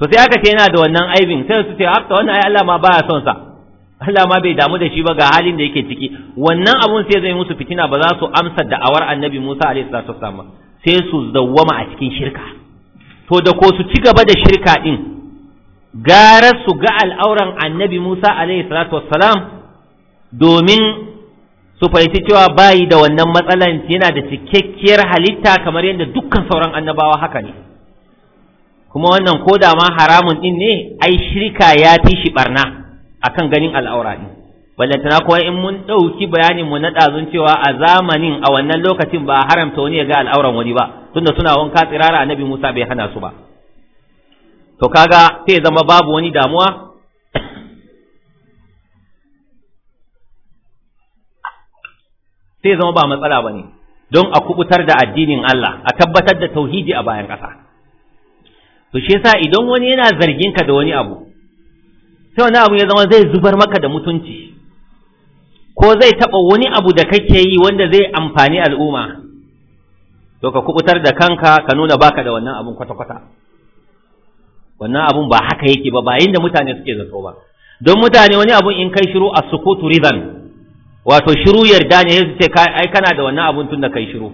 to sai aka ce yana da wannan aibin sai su ce haka ah, wannan ai Allah ma baya son sa Allah ma bai damu da shi ba ga halin da yake ciki wannan abun sai zai musu fitina ba za su amsa da'awar annabi Musa alaihi salatu wasallam sai su dawwama a cikin shirka to da ko su ci gaba da shirka din gara su ga al'auran annabi Musa alaihi salatu wasallam domin su fahimci cewa bayi da wannan matsalan yana da cikakkiyar halitta kamar yadda dukkan sauran annabawa haka ne kuma wannan ko da ma haramun din ne ai shirka ya fi shi barna akan ganin al'aura din ballantana kuwa in mun ɗauki bayanin mu na ɗazun cewa a zamanin a wannan lokacin ba a haramta wani ya ga al'auran wani ba tunda suna wanka tsirara annabi Musa bai hana su ba to kaga sai zama babu wani damuwa sai zama ba matsala ba ne don a kubutar da addinin Allah a tabbatar da tauhidi a bayan ƙasa to shi yasa idan wani yana zargin ka da wani abu sai wani abu ya zama zai zubar maka da mutunci ko zai taɓa wani abu da kake yi wanda zai amfani al'umma to ka kubutar da kanka ka nuna baka da wannan abun kwata-kwata wannan abun ba haka yake ba ba da mutane suke zato ba don mutane wani abun in kai shiru a sukutu rizan wato shiru yarda ne yanzu ce ai kana da wannan abun tun da kai shiru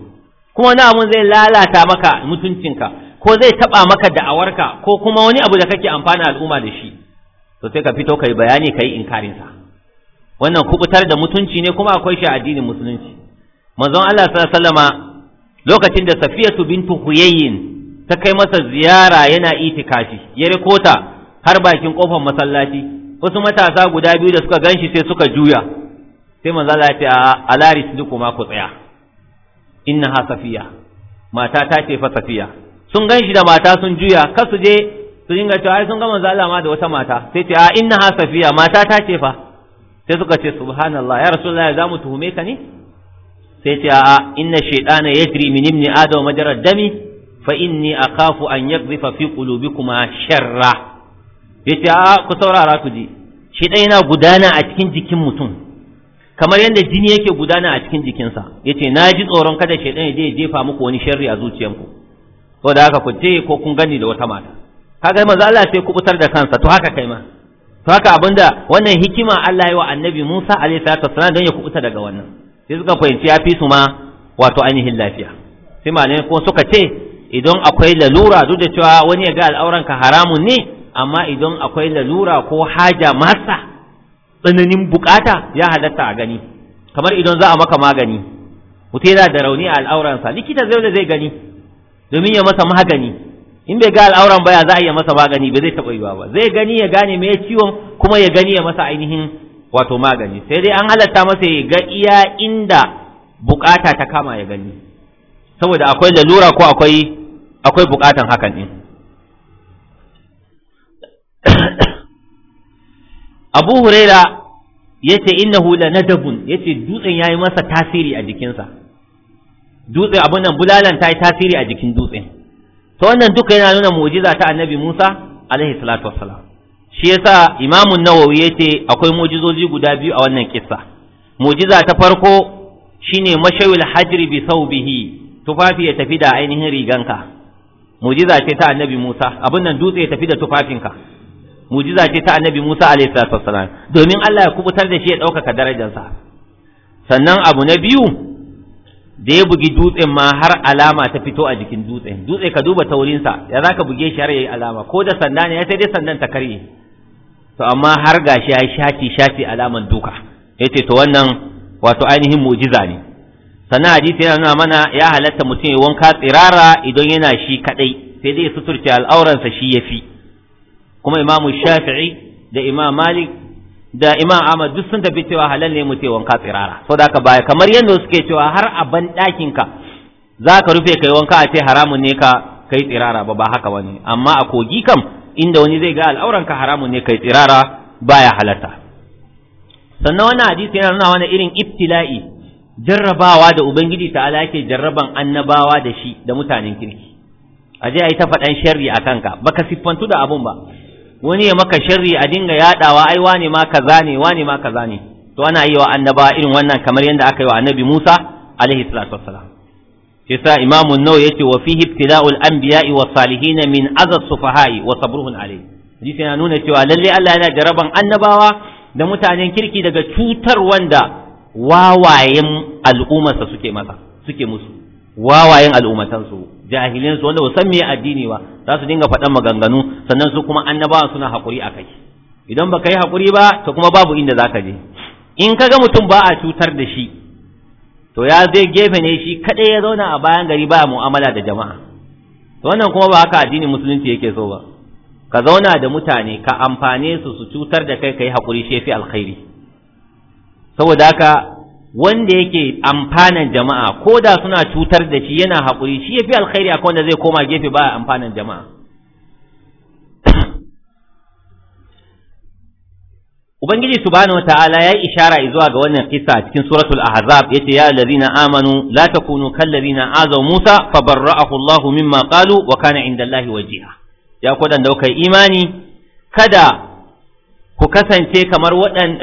kuma wani abun zai lalata maka mutuncinka ko zai taba maka da'awarka ko kuma wani abu da kake amfana al'umma da shi to sai ka fito kai bayani kai inkarin sa wannan kubutar da mutunci ne kuma akwai shi addinin musulunci manzon Allah sallallahu alaihi wasallama lokacin da Safiyatu bintu Huyayyin ta kai masa ziyara yana itikafi ya rikota har bakin kofar masallaci wasu matasa guda biyu da suka ganshi sai suka juya sai manzo Allah ya ce a alaris kuma ku tsaya Inna innaha safiya mata ta ce fa safiya sun gan shi da mata sun juya kar su je su dinga cewa ai sun ga manzo Allah ma da wata mata sai ce a innaha safiya mata ta ce fa sai suka ce subhanallah ya rasulullahi za mu tuhume ka ne sai ce a inna shaytana yajri min ibni adam majra dami fa inni akhafu an yaqdhifa fi qulubikuma sharra yace a ku saurara ku ji shi dai yana gudana a cikin jikin mutum kamar yadda jini yake gudana a cikin jikinsa ya ce na ji tsoron kada shaidan ya je ya jefa muku wani sharri a zuciyanku ko da haka ku je ko kun gani da wata mata kaga manzo Allah sai ku kubutar da kansa to haka kai ma to haka abinda wannan hikima Allah ya wa annabi Musa alaihi salatu wasallam don ya kubuta daga wannan sai suka fahimci ya fi su ma wato ainihin lafiya sai malamai ko suka ce idan akwai lalura duk da cewa wani ya ga al'auranka haramun ne amma idan akwai lalura ko haja masa tsananin bukata ya halatta a gani kamar idan za a maka magani mutum yana da rauni a al'auransa likita zai da zai gani domin ya masa magani in bai ga al'auran baya za a iya masa magani ba zai taɓa yiwa ba zai gani ya gane me ciwon kuma ya gani ya masa ainihin wato magani sai dai an halatta masa ya ga iya inda bukata ta kama ya gani saboda akwai lalura ko akwai akwai bukatan hakan din abu huraira ya ce hula la nadabun ya ce dutsen ya yi masa tasiri a jikinsa dutse abin nan bulalan ta yi tasiri a jikin dutsen ta wannan duka yana nuna mu'jiza ta annabi musa alaihi salatu wassalam shi yasa imamun nawawi ya ce akwai mujizoji guda biyu a wannan kissa mu'jiza ta farko shine mashawil hajri bi saubihi tufafi ya tafi da ainihin riganka mu'jiza ce ta annabi musa abin nan dutse ya tafi da tufafinka mujiza ce ta annabi Musa alaihi domin Allah ya kubutar da shi ya ɗaukaka darajarsa sannan abu na biyu da ya bugi dutsen ma har alama ta fito a jikin dutse. dutse ka duba taurinsa ya zaka buge shi har yayi alama ko da sanda ne ya sai dai sandan ta karye to amma har gashi ya shafi shafi alaman duka yace to wannan wato ainihin mu'jiza ne sannan hadisi yana nuna mana ya halatta mutum ya wanka tsirara idan yana shi kadai sai dai suturce al'auransa shi ya fi kuma imam shafi'i da imam malik da imam ahmad duk sun tafi cewa halal ne mutai wanka tsirara saboda ka baya kamar yadda suke cewa har a ban ɗakin ka za ka rufe kai wanka a ce haramun ne ka kai tsirara ba ba haka bane amma a kogi kam inda wani zai ga al'auran ka haramun ne kai tsirara baya halarta. sannan wannan hadisi yana nuna wani irin ibtila'i jarrabawa da ubangiji ta'ala yake jarraban annabawa da shi da mutanen kirki aje ayi ta faɗan sharri a kanka baka siffantu da abun ba wani ya maka sharri a dinga yadawa ai wane ma kaza ne wane ma kaza ne to ana yi wa annaba irin wannan kamar yadda aka yi wa annabi Musa alaihi salatu wassalam yasa imamu an ya yace wa fihi ibtila'ul anbiya'i was salihin min azab sufaha'i wa sabruhun alayhi hadisi yana nuna cewa lalle Allah yana jaraban annabawa da mutanen kirki daga cutar wanda wawayen al'ummarsa suke masa suke musu wawayen al'ummatansu jahilinsu wanda ba san me addini ba za su dinga faɗan maganganu sannan su kuma annabawan suna haƙuri a kai idan baka yi haƙuri ba to kuma babu inda za ka je in ka ga mutum ba a cutar da shi to ya zai gefe ne shi kaɗai ya zauna a bayan gari ba mu'amala da jama'a to wannan kuma ba haka addinin musulunci yake so ba ka zauna da mutane ka amfane su su cutar da kai ka yi haƙuri shefi alkhairi saboda haka wanda yake amfanan jama'a ko da suna cutar da shi yana haƙuri shi ya fi alkhairi a wanda zai koma gefe ba amfanan jama'a ubangiji subhanahu wataala ya ishara zuwa ga wannan kisa cikin suratul ahzab yace ya allazina amanu la takunu kal ladina azaw musa fabarra'ahu allah mimma qalu wa kana inda allahi wajiha ya kodan da kai imani kada ku kasance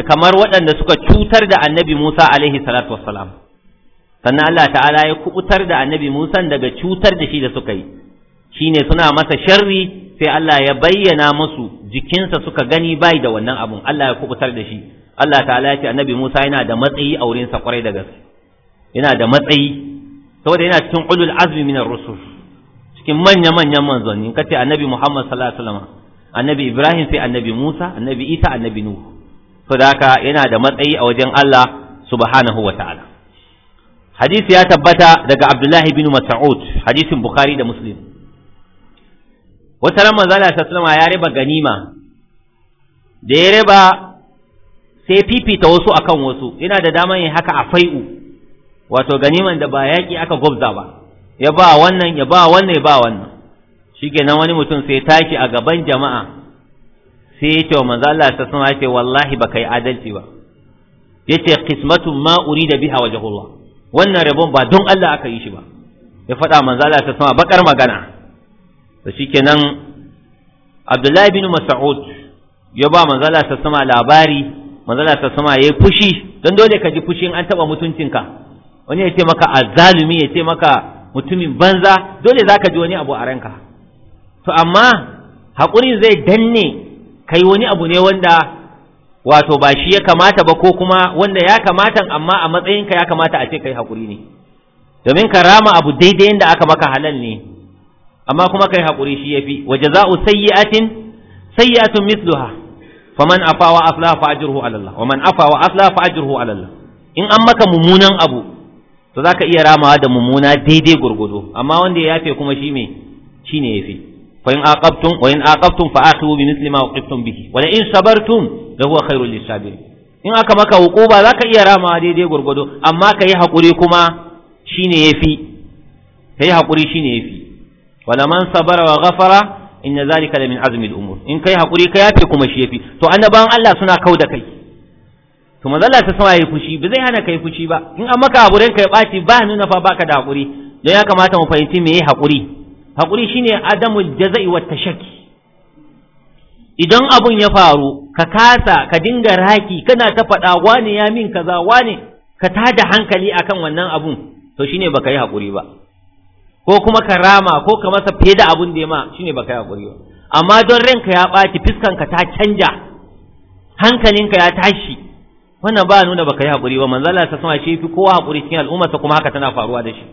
kamar waɗanda suka cutar da annabi Musa alaihi salatu wassalam sannan Allah ta'ala ya kubutar da annabi Musa daga cutar da shi da suka yi Shi ne suna masa sharri sai Allah ya bayyana musu jikinsa suka gani bai da wannan abun Allah ya kubutar da shi Allah ta'ala ya ce annabi Musa yana da matsayi a wurin sa kwarai da gaske yana da matsayi saboda yana cikin ulul azmi minar rusul cikin manya manyan manzanni ce annabi Muhammad sallallahu alaihi wasallam annabi ibrahim sai annabi musa annabi isa annabi nuhu to yana da matsayi a wajen allah subhanahu wa ta'ala hadisi ya tabbata daga abdullahi bin mas'ud hadisin bukhari da muslim wata ran manzo Allah sallallahu ya riba ganima da ya riba sai fifita wasu akan wasu yana da daman yin haka a fai'u wato ganiman da ba yaki aka gobza ba ya ba wannan ya ba wannan ya ba wannan shikenan wani mutum sai tashi a gaban jama'a sai ya ce wa manzo Allah ta sama ce wallahi baka yi adalci ba yace qismatun ma urida biha wajhullah wannan rabon ba don Allah aka yi shi ba ya faɗa manzo Allah ta sama bakar magana to shikenan Abdullahi bin Mas'ud ya ba manzo Allah ta sama labari manzo Allah ta sama yayi fushi dan dole ka ji fushin an taba mutuncinka wani ya ce maka azzalumi ya ce maka mutumin banza dole zaka ji wani abu a ranka to amma haƙuri zai danne kai wani abu ne wanda wato ba shi ya kamata ba ko kuma wanda ya kamata amma a matsayinka ya kamata a ce kai haƙuri ne domin ka rama abu daidai yadda aka maka halal ne amma kuma kai haƙuri shi yafi wa jaza'u sayyi'atin sayyi'atun mithluha faman afa wa aslaha fa ajruhu ala Allah wa man afa wa aslaha fa ajruhu ala Allah in an maka mummunan abu to zaka iya ramawa da mummuna daidai gurgudu amma wanda ya yafe kuma shi me shine yafi wa in aqabtum wa in aqabtum fa aqibu bi mithli ma uqibtum bihi wa in sabartum la huwa khairul lisabirin in aka maka za ka iya rama daidai gwargwado amma ka yi haƙuri kuma shine Ka yi haƙuri shine yafi wala man sabara wa ghafara inna zalika la min azmi al umur in kai haƙuri ka yafi kuma shi yafi to annabawan Allah suna kauda kai to manzo ta sama yayi fushi ba zai hana kai fushi ba in an maka aburen kai baci ba nuna fa baka da haƙuri don ya kamata mu fahimci me yayi haƙuri. haƙuri shine adamul jaza'i wa tashaki idan abun ya faru ka kasa ka dinga raki kana ta faɗa wani ya min kaza wani ka tada hankali akan wannan abun to shine baka yi haƙuri ba ko kuma ka rama ko ka masa fiye abun da ya ma shine baka yi haƙuri ba amma don ranka ya ɓaci ka ta canja hankalinka ya tashi wannan ba nuna baka yi haƙuri ba manzo Allah ta sama shi fi kowa haƙuri cikin sa kuma haka tana faruwa da shi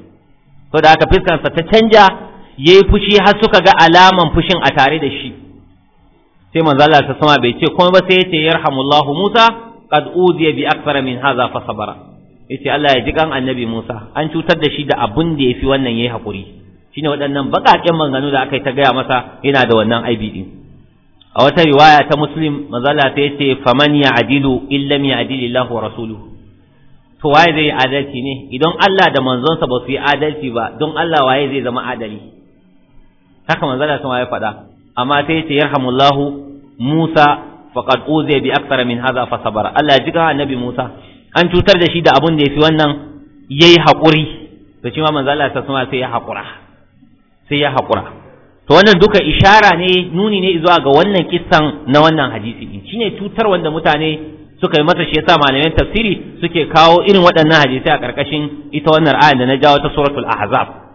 to da haka sa ta canja ya yi fushi har suka ga alaman fushin a tare da shi sai manzo ta sama bai ce kuma ba sai yace, ce yarhamullahu Musa qad udiya bi akthara min hadha fa sabara yace Allah ya ji kan annabi Musa an cutar da shi da abun da fi wannan ya yi hakuri shine waɗannan baƙaƙen manganu da aka yi ta gaya masa yana da wannan aibi a wata riwaya ta Muslim manzo Allah ta yace faman ya'dilu illam ya'dilillahu wa rasuluhu to waye zai yi adalci ne idan Allah da manzonsa ba su yi adalci ba don Allah waye zai zama adali haka manzala sun ya faɗa amma sai ya ce yarhamullahu Musa faqad uziya bi aktsara min hadha fa sabara Allah ya jiga annabi Musa an cutar da shi da abun da yafi wannan yayi hakuri to shi ma manzala ta suma sai ya hakura sai ya hakura to wannan duka ishara ne nuni ne zuwa ga wannan kissan na wannan hadisi din shine cutar wanda mutane suka yi masa shi yasa malaman tafsiri suke kawo irin waɗannan hadisi a ƙarƙashin ita wannan aya da na jawo ta suratul ahzab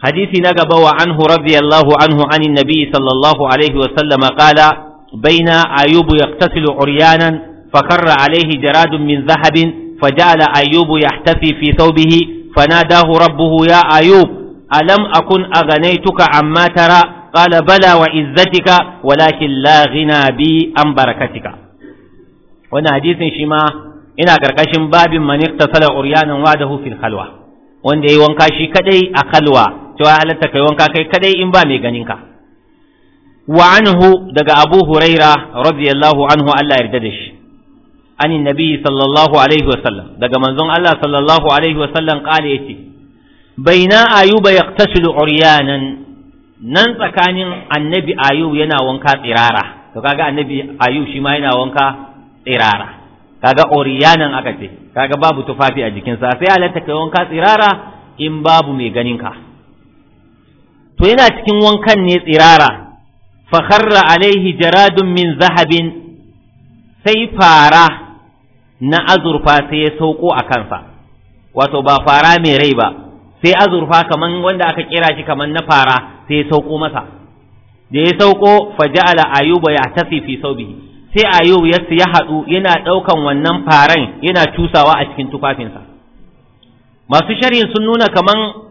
hadisi na gaba wa anhu radiyallahu anhu an annabi sallallahu alaihi wa sallama qala baina ayyubu yaqtasilu uryanan فخر عليه جراد من ذهب فجعل أيوب يحتفي في ثوبه فناداه ربه يا أيوب ألم أكن أغنيتك عما ترى قال بلى وعزتك ولكن لا غنى بي عن بركتك وانا حديث شما ina karkashin babin man iqtasala uryanan wadahu fil khalwa wanda yayi wanka shi kaɗai a kalwa. cewa halatta kai wanka kai kadai in ba mai ganin ka wa anhu daga Abu Huraira radiyallahu anhu Allah yarda da shi an annabi sallallahu alaihi wa sallam. daga manzon Allah sallallahu alaihi wa wasallam kale yace baina ayuba yaqtasilu uryanan nan tsakanin annabi ayub yana wanka tsirara to kaga annabi ayub shi ma yana wanka tsirara kaga oriyanan aka ce kaga babu tufafi a jikinsa sai halatta kai wanka tsirara in babu mai ganin ka to yana cikin wankan ne tsirara fa kharra alaihi jaradun min zahabin sai fara na azurfa sai ya sauko a kansa wato ba fara mai rai ba sai azurfa kaman wanda aka kira shi kaman na fara sai ya sauko masa da ya sauko faja'ala ayuba ya tafi fi saubihi sai ayuba ya ya haɗu yana ɗaukan wannan faran yana cusawa a cikin tufafinsa masu sharhin sun nuna kaman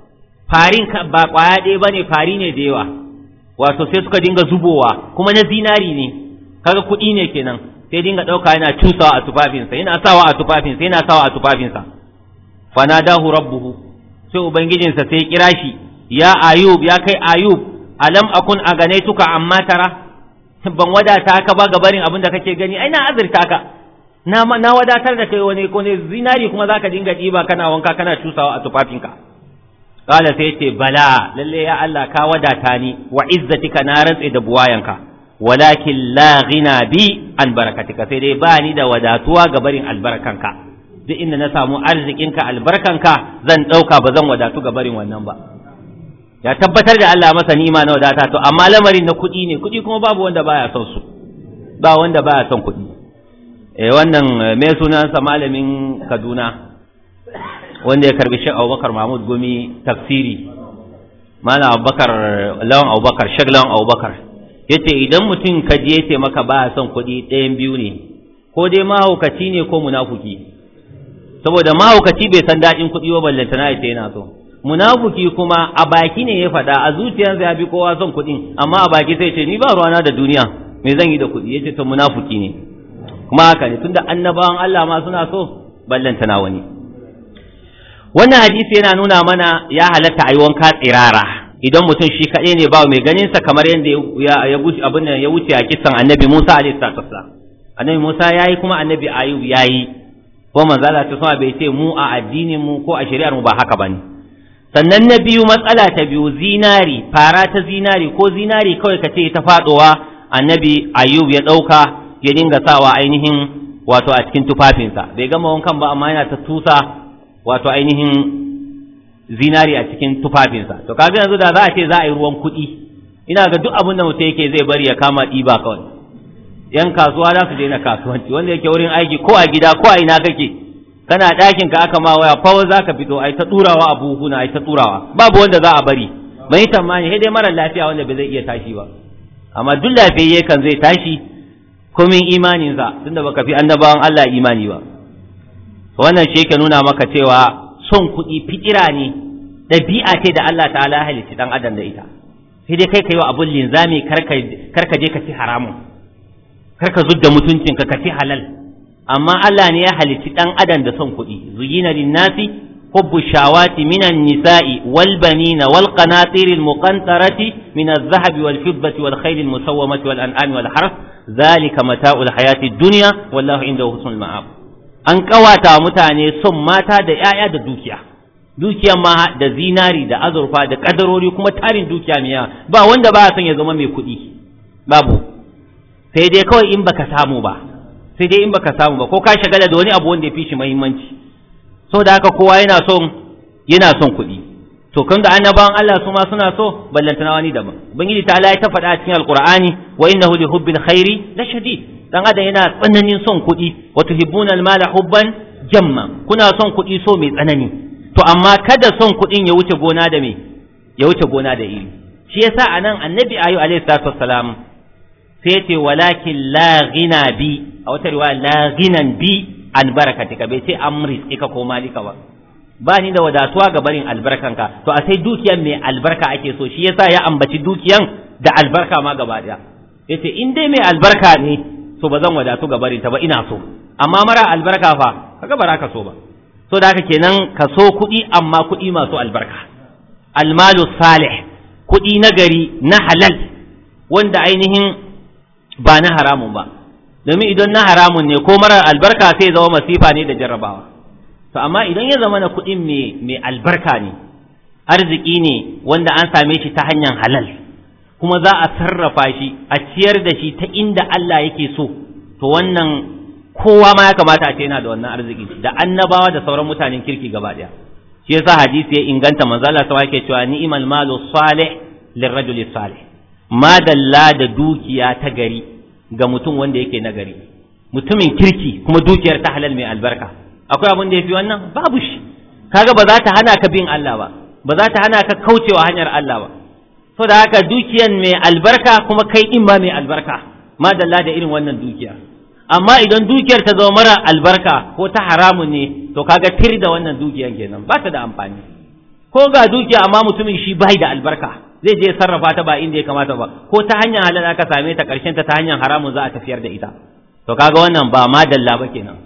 farin ba kwaya ɗaya ba ne fari ne da yawa wato sai suka dinga zubowa kuma na zinari ne kaga kuɗi ne kenan sai dinga ɗauka yana cusawa a tufafinsa yana sawa a tufafinsa yana sawa a tufafinsa fanadahu rabbuhu sai ubangijinsa sai kira shi ya ayub ya kai ayub alam akun tuka, amma tara ban wadata ka ba gabarin abin da kake gani ai na azurta ka na wadatar da kai wani kone zinari kuma zaka dinga ɗiba kana wanka kana cusawa a tufafinka kala sai ce bala lalle ya Allah ka wadata ni wa ka na rantse da buwayanka walakin la ghina bi an barakatika sai dai ba ni da wadatuwa ga barin albarkanka duk inda na samu arzikinka albarkanka zan ɗauka ba zan wadatu ga barin wannan ba ya tabbatar da Allah masa nima na wadata to amma lamarin na kuɗi ne kuɗi kuma babu wanda baya son su ba wanda baya son kuɗi eh wannan eh, me sunansa malamin Kaduna wanda ya karbi shek abubakar mahmud gumi tafsiri mana abubakar lawan abubakar shek lawan abubakar ya ce idan mutum ka je ce maka ba son kuɗi ɗayan biyu ne ko dai mahaukaci ne ko munafuki saboda mahaukaci bai san daɗin kuɗi ba ballanta ya ce yana so munafuki kuma a baki ne ya faɗa a zuciyarsa ya bi kowa son kuɗin amma a baki sai ce ni ba ruwana da duniya me zan yi da kuɗi ya ce to munafuki ne kuma haka ne tunda annabawan Allah ma suna so na wani wannan hadisi yana nuna mana ya halatta a yi wanka tsirara idan mutum shi kaɗai ne ba mai ganin sa kamar yadda ya abin nan ya wuce a kisan annabi Musa alaihi salatu annabi Musa ya yi kuma annabi Ayub yi. ko manzo ta sama bai ce mu a addinin mu ko a shari'ar mu ba haka ba ne. sannan na biyu matsala ta biyu zinari fara ta zinari ko zinari kawai ka ce ta faɗowa annabi Ayub ya ɗauka ya dinga sawa ainihin wato a cikin tufafinsa bai gama wankan ba amma yana ta tusa wato ainihin zinari a cikin tufafinsa to kaga yanzu da za a ce za a yi ruwan kuɗi ina ga duk abin da mutum yake zai bari ya kama ɗiba kawai yan kasuwa za su daina kasuwanci wanda yake wurin aiki ko a gida ko a ina kake kana ɗakin ka aka ma waya za ka fito ai ta turawa a buhuna ai ta turawa babu wanda za a bari mai tamani sai dai mara lafiya wanda bai zai iya tashi ba amma duk lafiyayye kan zai tashi komin imaninsa tunda baka fi annabawan Allah imani ba wannan shi yake nuna maka cewa son kuɗi fitira ne ɗabi'a ce da Allah ta'ala ya halicci ɗan adam da ita sai dai kai wa abun linzami kar ka je ka ci haramun kar ka da mutuncinka ka ci halal amma Allah ne ya halicci ɗan adam da son kuɗi zuyina linnasi حب الشهوات من النساء والبنين والقناطير المقنطرة من الذهب musawwamati wal المسومة wal والحرث ذلك متاع الحياة الدنيا والله عنده حسن المآب an kawata mutane son mata da 'ya'ya da dukiya dukiya ma da zinari da azurfa da kadarori kuma tarin dukiya miya ba wanda ba son ya zama mai kuɗi babu sai dai kawai in baka samu ba sai dai in baka samu ba ko ka shagala da wani abu wanda ya fi shi muhimmanci saboda haka kowa yana son yana son kuɗi to kan da annabawan Allah su ma suna so ballantana wani daban ubangiji ta Allah ya ta faɗa cikin alqur'ani wa innahu li hubbil khairi la shadid dan adam yana tsananin son kuɗi wa tuhibbuna almala hubban jamma kuna son kuɗi so mai tsanani to amma kada son kuɗin ya wuce gona da me ya wuce gona da iri shi yasa anan annabi ayu alaihi salatu wassalam sai yace walakin la ghina bi a wata riwaya la ghinan bi an barakatika bai ce amris ika ko malika ba ba ni da wadatuwa ga barin albarkanka to a sai dukiyan mai albarka ake so shi yasa ya ambaci dukiyan da albarka ma gaba daya yace in dai mai albarka ne so ba zan wadatu ga barin ta ba ina so amma mara albarka fa kaga ba ka so ba so da haka kenan ka so kuɗi amma kuɗi masu albarka almalu salih kuɗi nagari na halal wanda ainihin ba na haramun ba domin idan na haramun ne ko mara albarka sai zama masifa ne da jarrabawa to amma idan ya zama na kuɗin mai albarka ne arziki ne wanda an same shi ta hanyar halal kuma za a sarrafa shi a ciyar da shi ta inda Allah yake so to wannan kowa ma ya kamata a ce yana da wannan arziki da annabawa da sauran mutanen kirki gaba daya shi yasa hadisi ya inganta manzo Allah sai yake cewa ni'mal malu salih lirrajuli salih madalla da dukiya ta gari ga mutum wanda yake gari mutumin kirki kuma dukiyar ta halal mai albarka akwai abin da yafi wannan babu shi kaga ba za ta hana ka bin Allah ba ba za ta hana ka kaucewa hanyar Allah ba so da haka dukiyan mai albarka kuma kai in ma mai albarka madalla da irin wannan dukiya amma idan dukiyar ta zama mara albarka ko ta haramun ne to kaga tir da wannan dukiyan kenan ba ta da amfani ko ga dukiya amma mutumin shi bai da albarka zai je sarrafa ta ba inda ya kamata ba ko ta hanyar halal aka same ta karshen ta ta hanyar haramun za a tafiyar da ita to kaga wannan ba madalla ba kenan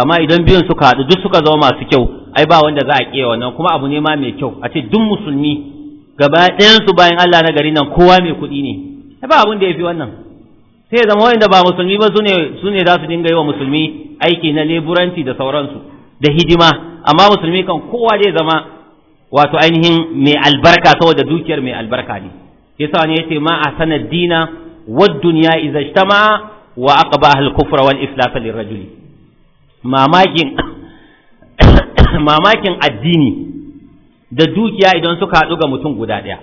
amma idan biyun suka haɗu duk suka zama masu kyau ai ba wanda za a kewa wannan kuma abu ne ma mai kyau a ce duk musulmi gaba ɗayan bayan Allah na gari nan kowa mai kuɗi ne eh, ba abin da ya fi wannan sai zama wanda ba musulmi ba sune sune za su dinga yi wa musulmi aiki na leburanci da sauransu da hidima amma musulmi kan kowa zai zama wato ainihin mai albarka saboda dukiyar mai albarka ne yasa ne yace ma a sanar dina wad dunya iza ijtama wa aqba al kufra wal iflasa lirajuli mamakin addini da dukiya idan suka haɗu ga mutum guda ɗaya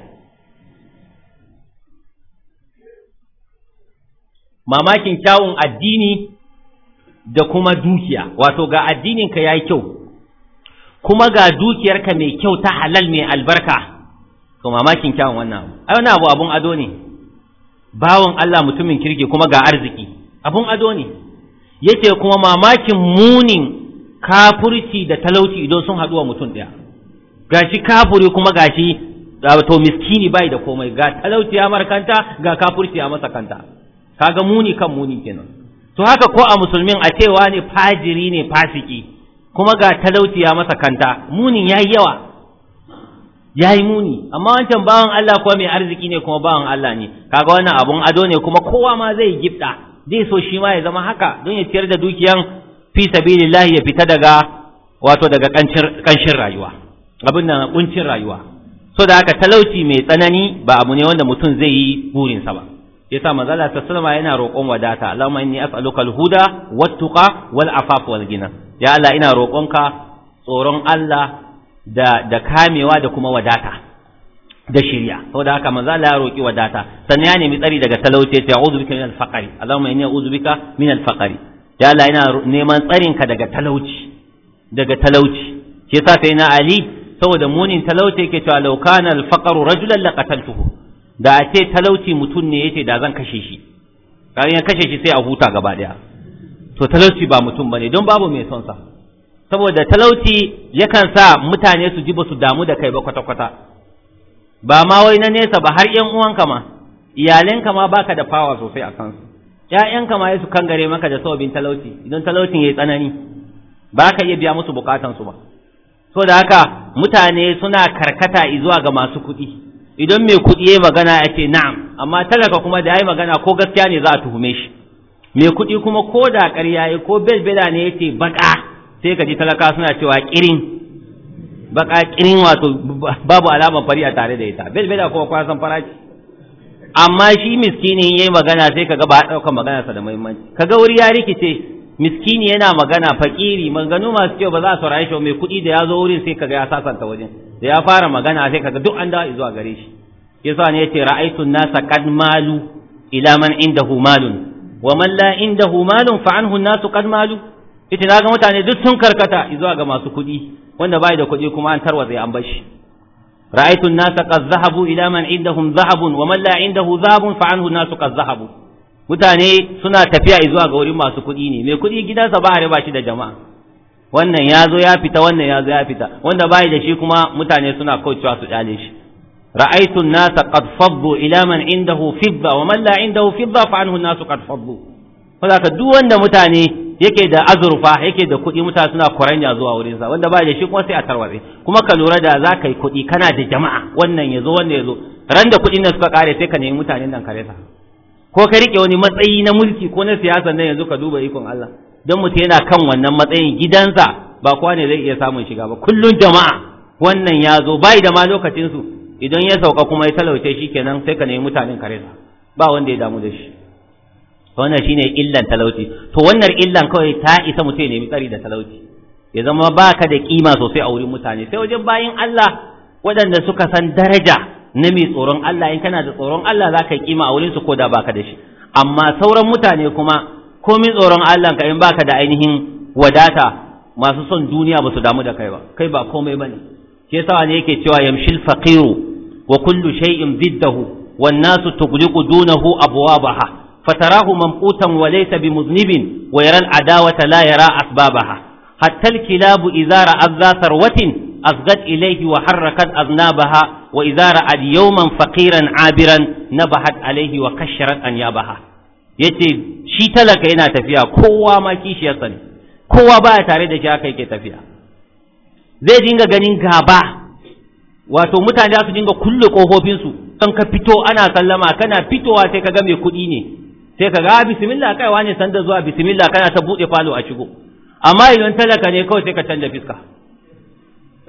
mamakin kyawun addini da kuma dukiya wato ga addininka ya yi kyau kuma ga dukiyarka mai kyau ta halal mai albarka to mamakin kyawun wannan abu ai wani abu abun ado ne bawon Allah mutumin kirki kuma ga arziki abun ado ne yace kuma mamakin munin kafurci da talauci idan sun haɗuwa mutum ɗaya gashi kafuri kuma gashi to miskini bai da komai ga talauci ya markanta ga kafurci ya masa kanta kaga muni kan muni kenan to haka ko a musulmin a cewa ne fajiri ne fasiki kuma ga talauci ya masa kanta munin yayi yawa yayi muni amma wancan bawan Allah ko mai arziki ne kuma bawan Allah ne kaga wannan abun ado ne kuma kowa ma zai gifta zai so shi ma ya zama haka don ya ciyar da dukiyan fi sabilillah ya fita daga wato daga kanshin rayuwa abin nan kuncin rayuwa so da haka talauci mai tsanani ba abu ne wanda mutum zai yi burinsa ba yasa manzo ta sallama yana roƙon wadata Allahumma inni as'aluka al-huda wat-tuqa wal-afaf wal-ghina ya Allah ina roƙonka tsoron Allah da da kamewa da kuma wadata da shirya saboda haka manzo Allah ya roƙi wadata sannan ya nemi tsari daga talauci ta a'udhu bika min al-faqri Allahumma inni a'udhu bika min al-faqri ya Allah ina neman tsarin ka daga talauci daga talauci shi yasa sai na Ali saboda munin talauci yake cewa law kana al faqru rajulan qataltuhu da a ce talauci mutum ne yace da zan kashe shi kayan ya kashe shi sai a huta gaba daya to talauci ba mutum bane don babu mai son sa saboda talauci yakan sa mutane su ji ba damu da kai ba kwata kwata ba ma wai na nesa ba har yan uwanka ma iyalinka ma baka da fawa sosai a kansu ‘ya'yanka ma su kangare maka da sababin talauci idan talaucin ya yi tsanani ba ka iya biya musu bukatansu ba so da haka mutane suna karkata izuwa ga masu kuɗi idan mai kuɗi ya magana ya ce na'am amma talaka kuma da yayi magana ko gaskiya ne za a tuhume shi mai kuɗi kuma ko da ƙarya ya ko belbela ne ya ce baƙa sai ka talaka suna cewa ƙirin baƙa ƙirin wato babu alamar fari a tare da ita belbela kuma san farashi amma shi miskinin ya yi magana sai ka ga ba a ɗaukar maganarsa da muhimmanci kaga wuri ya rikice miskini yana magana fakiri maganu masu kyau ba za su rayu shi mai kuɗi da ya zo wurin sai kaga ya sasanta wajen da ya fara magana sai kaga duk an dawo zuwa gare shi yasa ne yace ra'aytu nasa qad malu ila man indahu malun wa man la indahu malun fa anhu nasu qad malu ita ga mutane duk sun karkata zuwa ga masu kuɗi wanda bai da kuɗi kuma an tarwatsa an bar shi ra'aytu nasa qad zahabu ila man indahum zahabun wa man la indahu zahabun fa anhu nasu qad zahabu mutane suna tafiya zuwa ga wurin masu kuɗi ne mai kuɗi gidansa ba a riba shi da jama'a wannan ya zo ya fita wannan ya zo ya fita wanda bai da shi kuma mutane suna kaucewa su kyale shi ra'aytu an-nasa qad faddu ila man indahu fidda wa man la indahu fidda fa anhu an-nasu qad faddu ka duk wanda mutane yake da azurfa yake da kuɗi mutane suna kwaranya zuwa wurin sa wanda bai da shi kuma sai a tarwatse kuma ka lura da za ka yi kuɗi kana da jama'a wannan ya zo wannan ya zo ran da kuɗin nan suka kare sai ka nemi mutanen nan kare sa ko ka rike wani matsayi na mulki ko na siyasa nan yanzu ka duba ikon Allah don mutum yana kan wannan matsayin gidansa ba kowa ne zai iya samun shiga ba kullum jama'a wannan ya zo bai da ma lokacinsu idan ya sauka kuma ya talauce shi kenan sai ka nemi mutanen sa ba wanda ya damu da shi wannan shine illan talauci to wannan illan kawai ta isa mutum ya nemi tsari da talauci ya zama baka da kima sosai a wurin mutane sai wajen bayin Allah waɗanda suka san daraja na mai tsoron Allah in kana da tsoron Allah za ka yi kima a wurin su ko da baka da shi amma sauran mutane kuma komai tsoron Allah ka in baka da ainihin wadata masu son duniya ba su damu da kai ba kai ba komai bane shi yasa ne yake cewa yamshil faqiru wa kullu shay'in biddahu wan nasu tughliqu dunahu abwabaha fatarahu mamqutan wa laysa bimuznibin wa yara adawata la yara asbabaha hatta al-kilabu idza ra'at sarwatin asgat ilayhi wa harrakat aznabaha wa idza ra'ad yawman faqiran abiran nabahat alaihi wa kasharat an yabaha yace shi talaka yana tafiya kowa ma kishi ya ne kowa baya tare da shi haka yake tafiya zai dinga ganin gaba wato mutane za su dinga kulle kofofinsu kan ka fito ana sallama kana fitowa sai ka ga mai kuɗi ne sai ka ga ah, bismillah kai wani sanda zuwa bismillah kana ta bude falo a shigo amma idan talaka ne kawai sai ka canja fiska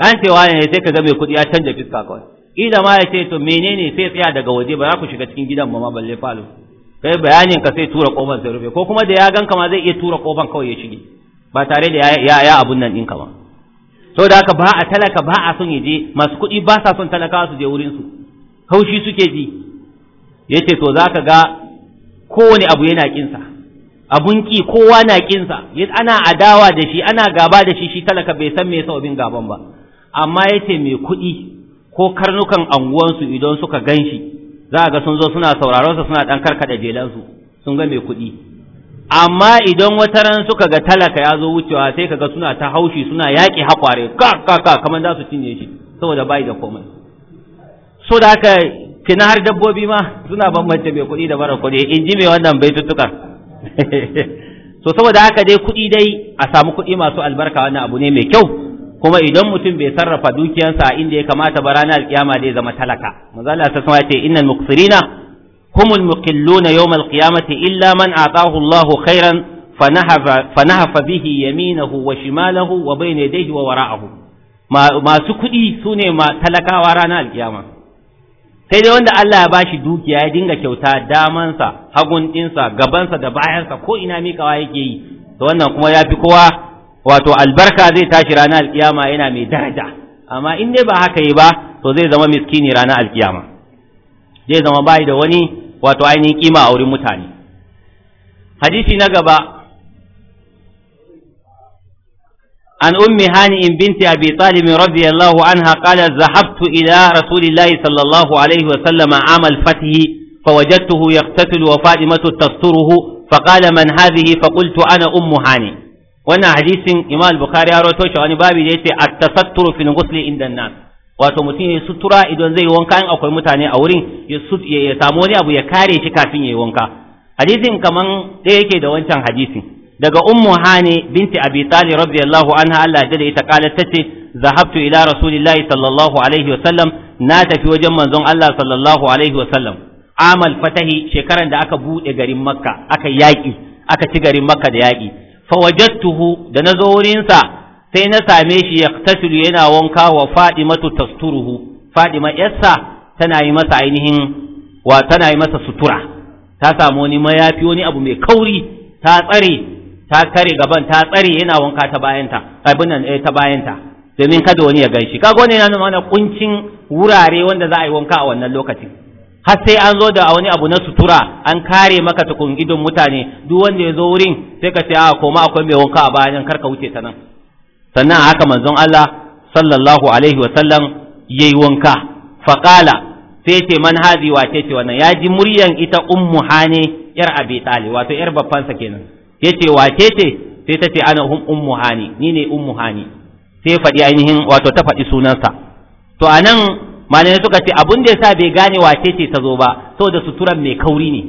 an ce wani ne sai ka ga mai kuɗi ya canja fiska kawai kila ma ya ce to menene sai tsaya daga waje ba za ku shiga cikin gidan ba ma balle falo kai bayanin ka sai tura koban sai rufe ko kuma da ya ganka ma zai iya tura koban kawai ya shige ba tare da ya ya abun nan ɗinka ba so da haka ba a talaka ba a son ya masu kuɗi ba sa son talakawa su je wurin su haushi suke ji yace to zaka ga kowane abu yana kinsa abun ki kowa na kinsa ana adawa da shi ana gaba da shi shi talaka bai san me yasa abin gaban ba amma yace mai kuɗi ko karnukan anguwansu idan suka gan shi za a ga sun zo suna sauraron sa suna ɗan jelan jelansu sun ga mai kuɗi amma idan wata ran suka ga talaka ya zo wucewa sai kaga suna ta haushi suna yaƙi haƙware ka ka ka kaman za su cinye shi saboda bai da komai so da haka kina har dabbobi ma suna bambance mai kuɗi da mara kuɗi in ji mai wannan baitutuka so saboda haka dai kuɗi dai a samu kuɗi masu albarka wannan abu ne mai kyau kuma idan mutum bai sarrafa dukiyarsa inda ya kamata ba ranar alƙiyama zai zama talaka manzo Allah sallallahu alaihi wasallam innal muqsirina humul muqilluna yawm alqiyamati illa man ataahu Allah khairan fanahafa fanahafa bihi yaminahu wa shimalahu wa bayna yadayhi wa wara'ahu masu kuɗi su ne talakawa ranar alƙiyama. sai dai wanda Allah ya bashi dukiya ya dinga kyauta damansa hagun ɗinsa gabansa da bayansa ko ina miƙawa yake yi to wannan kuma ya fi kowa wato albarka zai tashi ranar alkiyama yana mai daraja amma in dai ba haka ya yi ba to zai zama miskini ranar alkiyama zai zama bayi da wani wato ainihin kima a wurin mutane hadisi na gaba an ummi hani in binti abi talib radiyallahu anha qala zahabtu ila rasulillahi sallallahu alaihi wa sallama amal fatihi فوجدته يقتتل وفاطمة تستره فقال من هذه فقلت أنا أم هاني wannan hadisin imam bukhari ya rawaito shi wani babi da yace at-tasattur fil ghusl inda nas wato mutum ya sutura idan zai wanka in akwai mutane a wurin ya samu wani abu ya kare shi kafin ya yi wanka hadisin kaman ɗaya yake da wancan hadisin daga ummu hani binti abi talib radiyallahu anha Allah ya da ita qalat tace zahabtu ila rasulillahi sallallahu alaihi wa sallam na tafi wajen manzon Allah sallallahu alaihi wa sallam amal fatahi shekaran da aka buɗe garin makka aka yaƙi aka ci garin makka da yaƙi tuhu da na zo sai na same shi ya tasiru yana wanka wa fadimatu tasturuhu fadima yassa tana yi masa ainihin wa tana yi masa sutura ta samu wani mayafi wani abu mai kauri ta tsare ta kare gaban ta tsare yana wanka ta bayanta abin nan eh, ta bayanta domin kada wani ya ganshi kaga ne yana mana kuncin wurare wanda za a yi wanka a wannan lokacin har sai an zo da wani abu na sutura an kare maka tukun gidon mutane duk wanda ya zo wurin sai ka ce a ah, koma akwai mai wanka a bayan karka wuce ta nan sannan haka manzon Allah sallallahu alaihi wa sallam yayi wanka faqala sai ce man hazi wace ce wannan ya ji muryan ita ummu hane yar abi talib wato yar babban sa kenan yace wace ce sai ta ce ana ummu hani ni ne ummu hani sai faɗi ainihin wato ta faɗi sunansa to anan malamai suka ce abin da ya sa bai gane wace ce ta zo ba saboda suturan mai kauri ne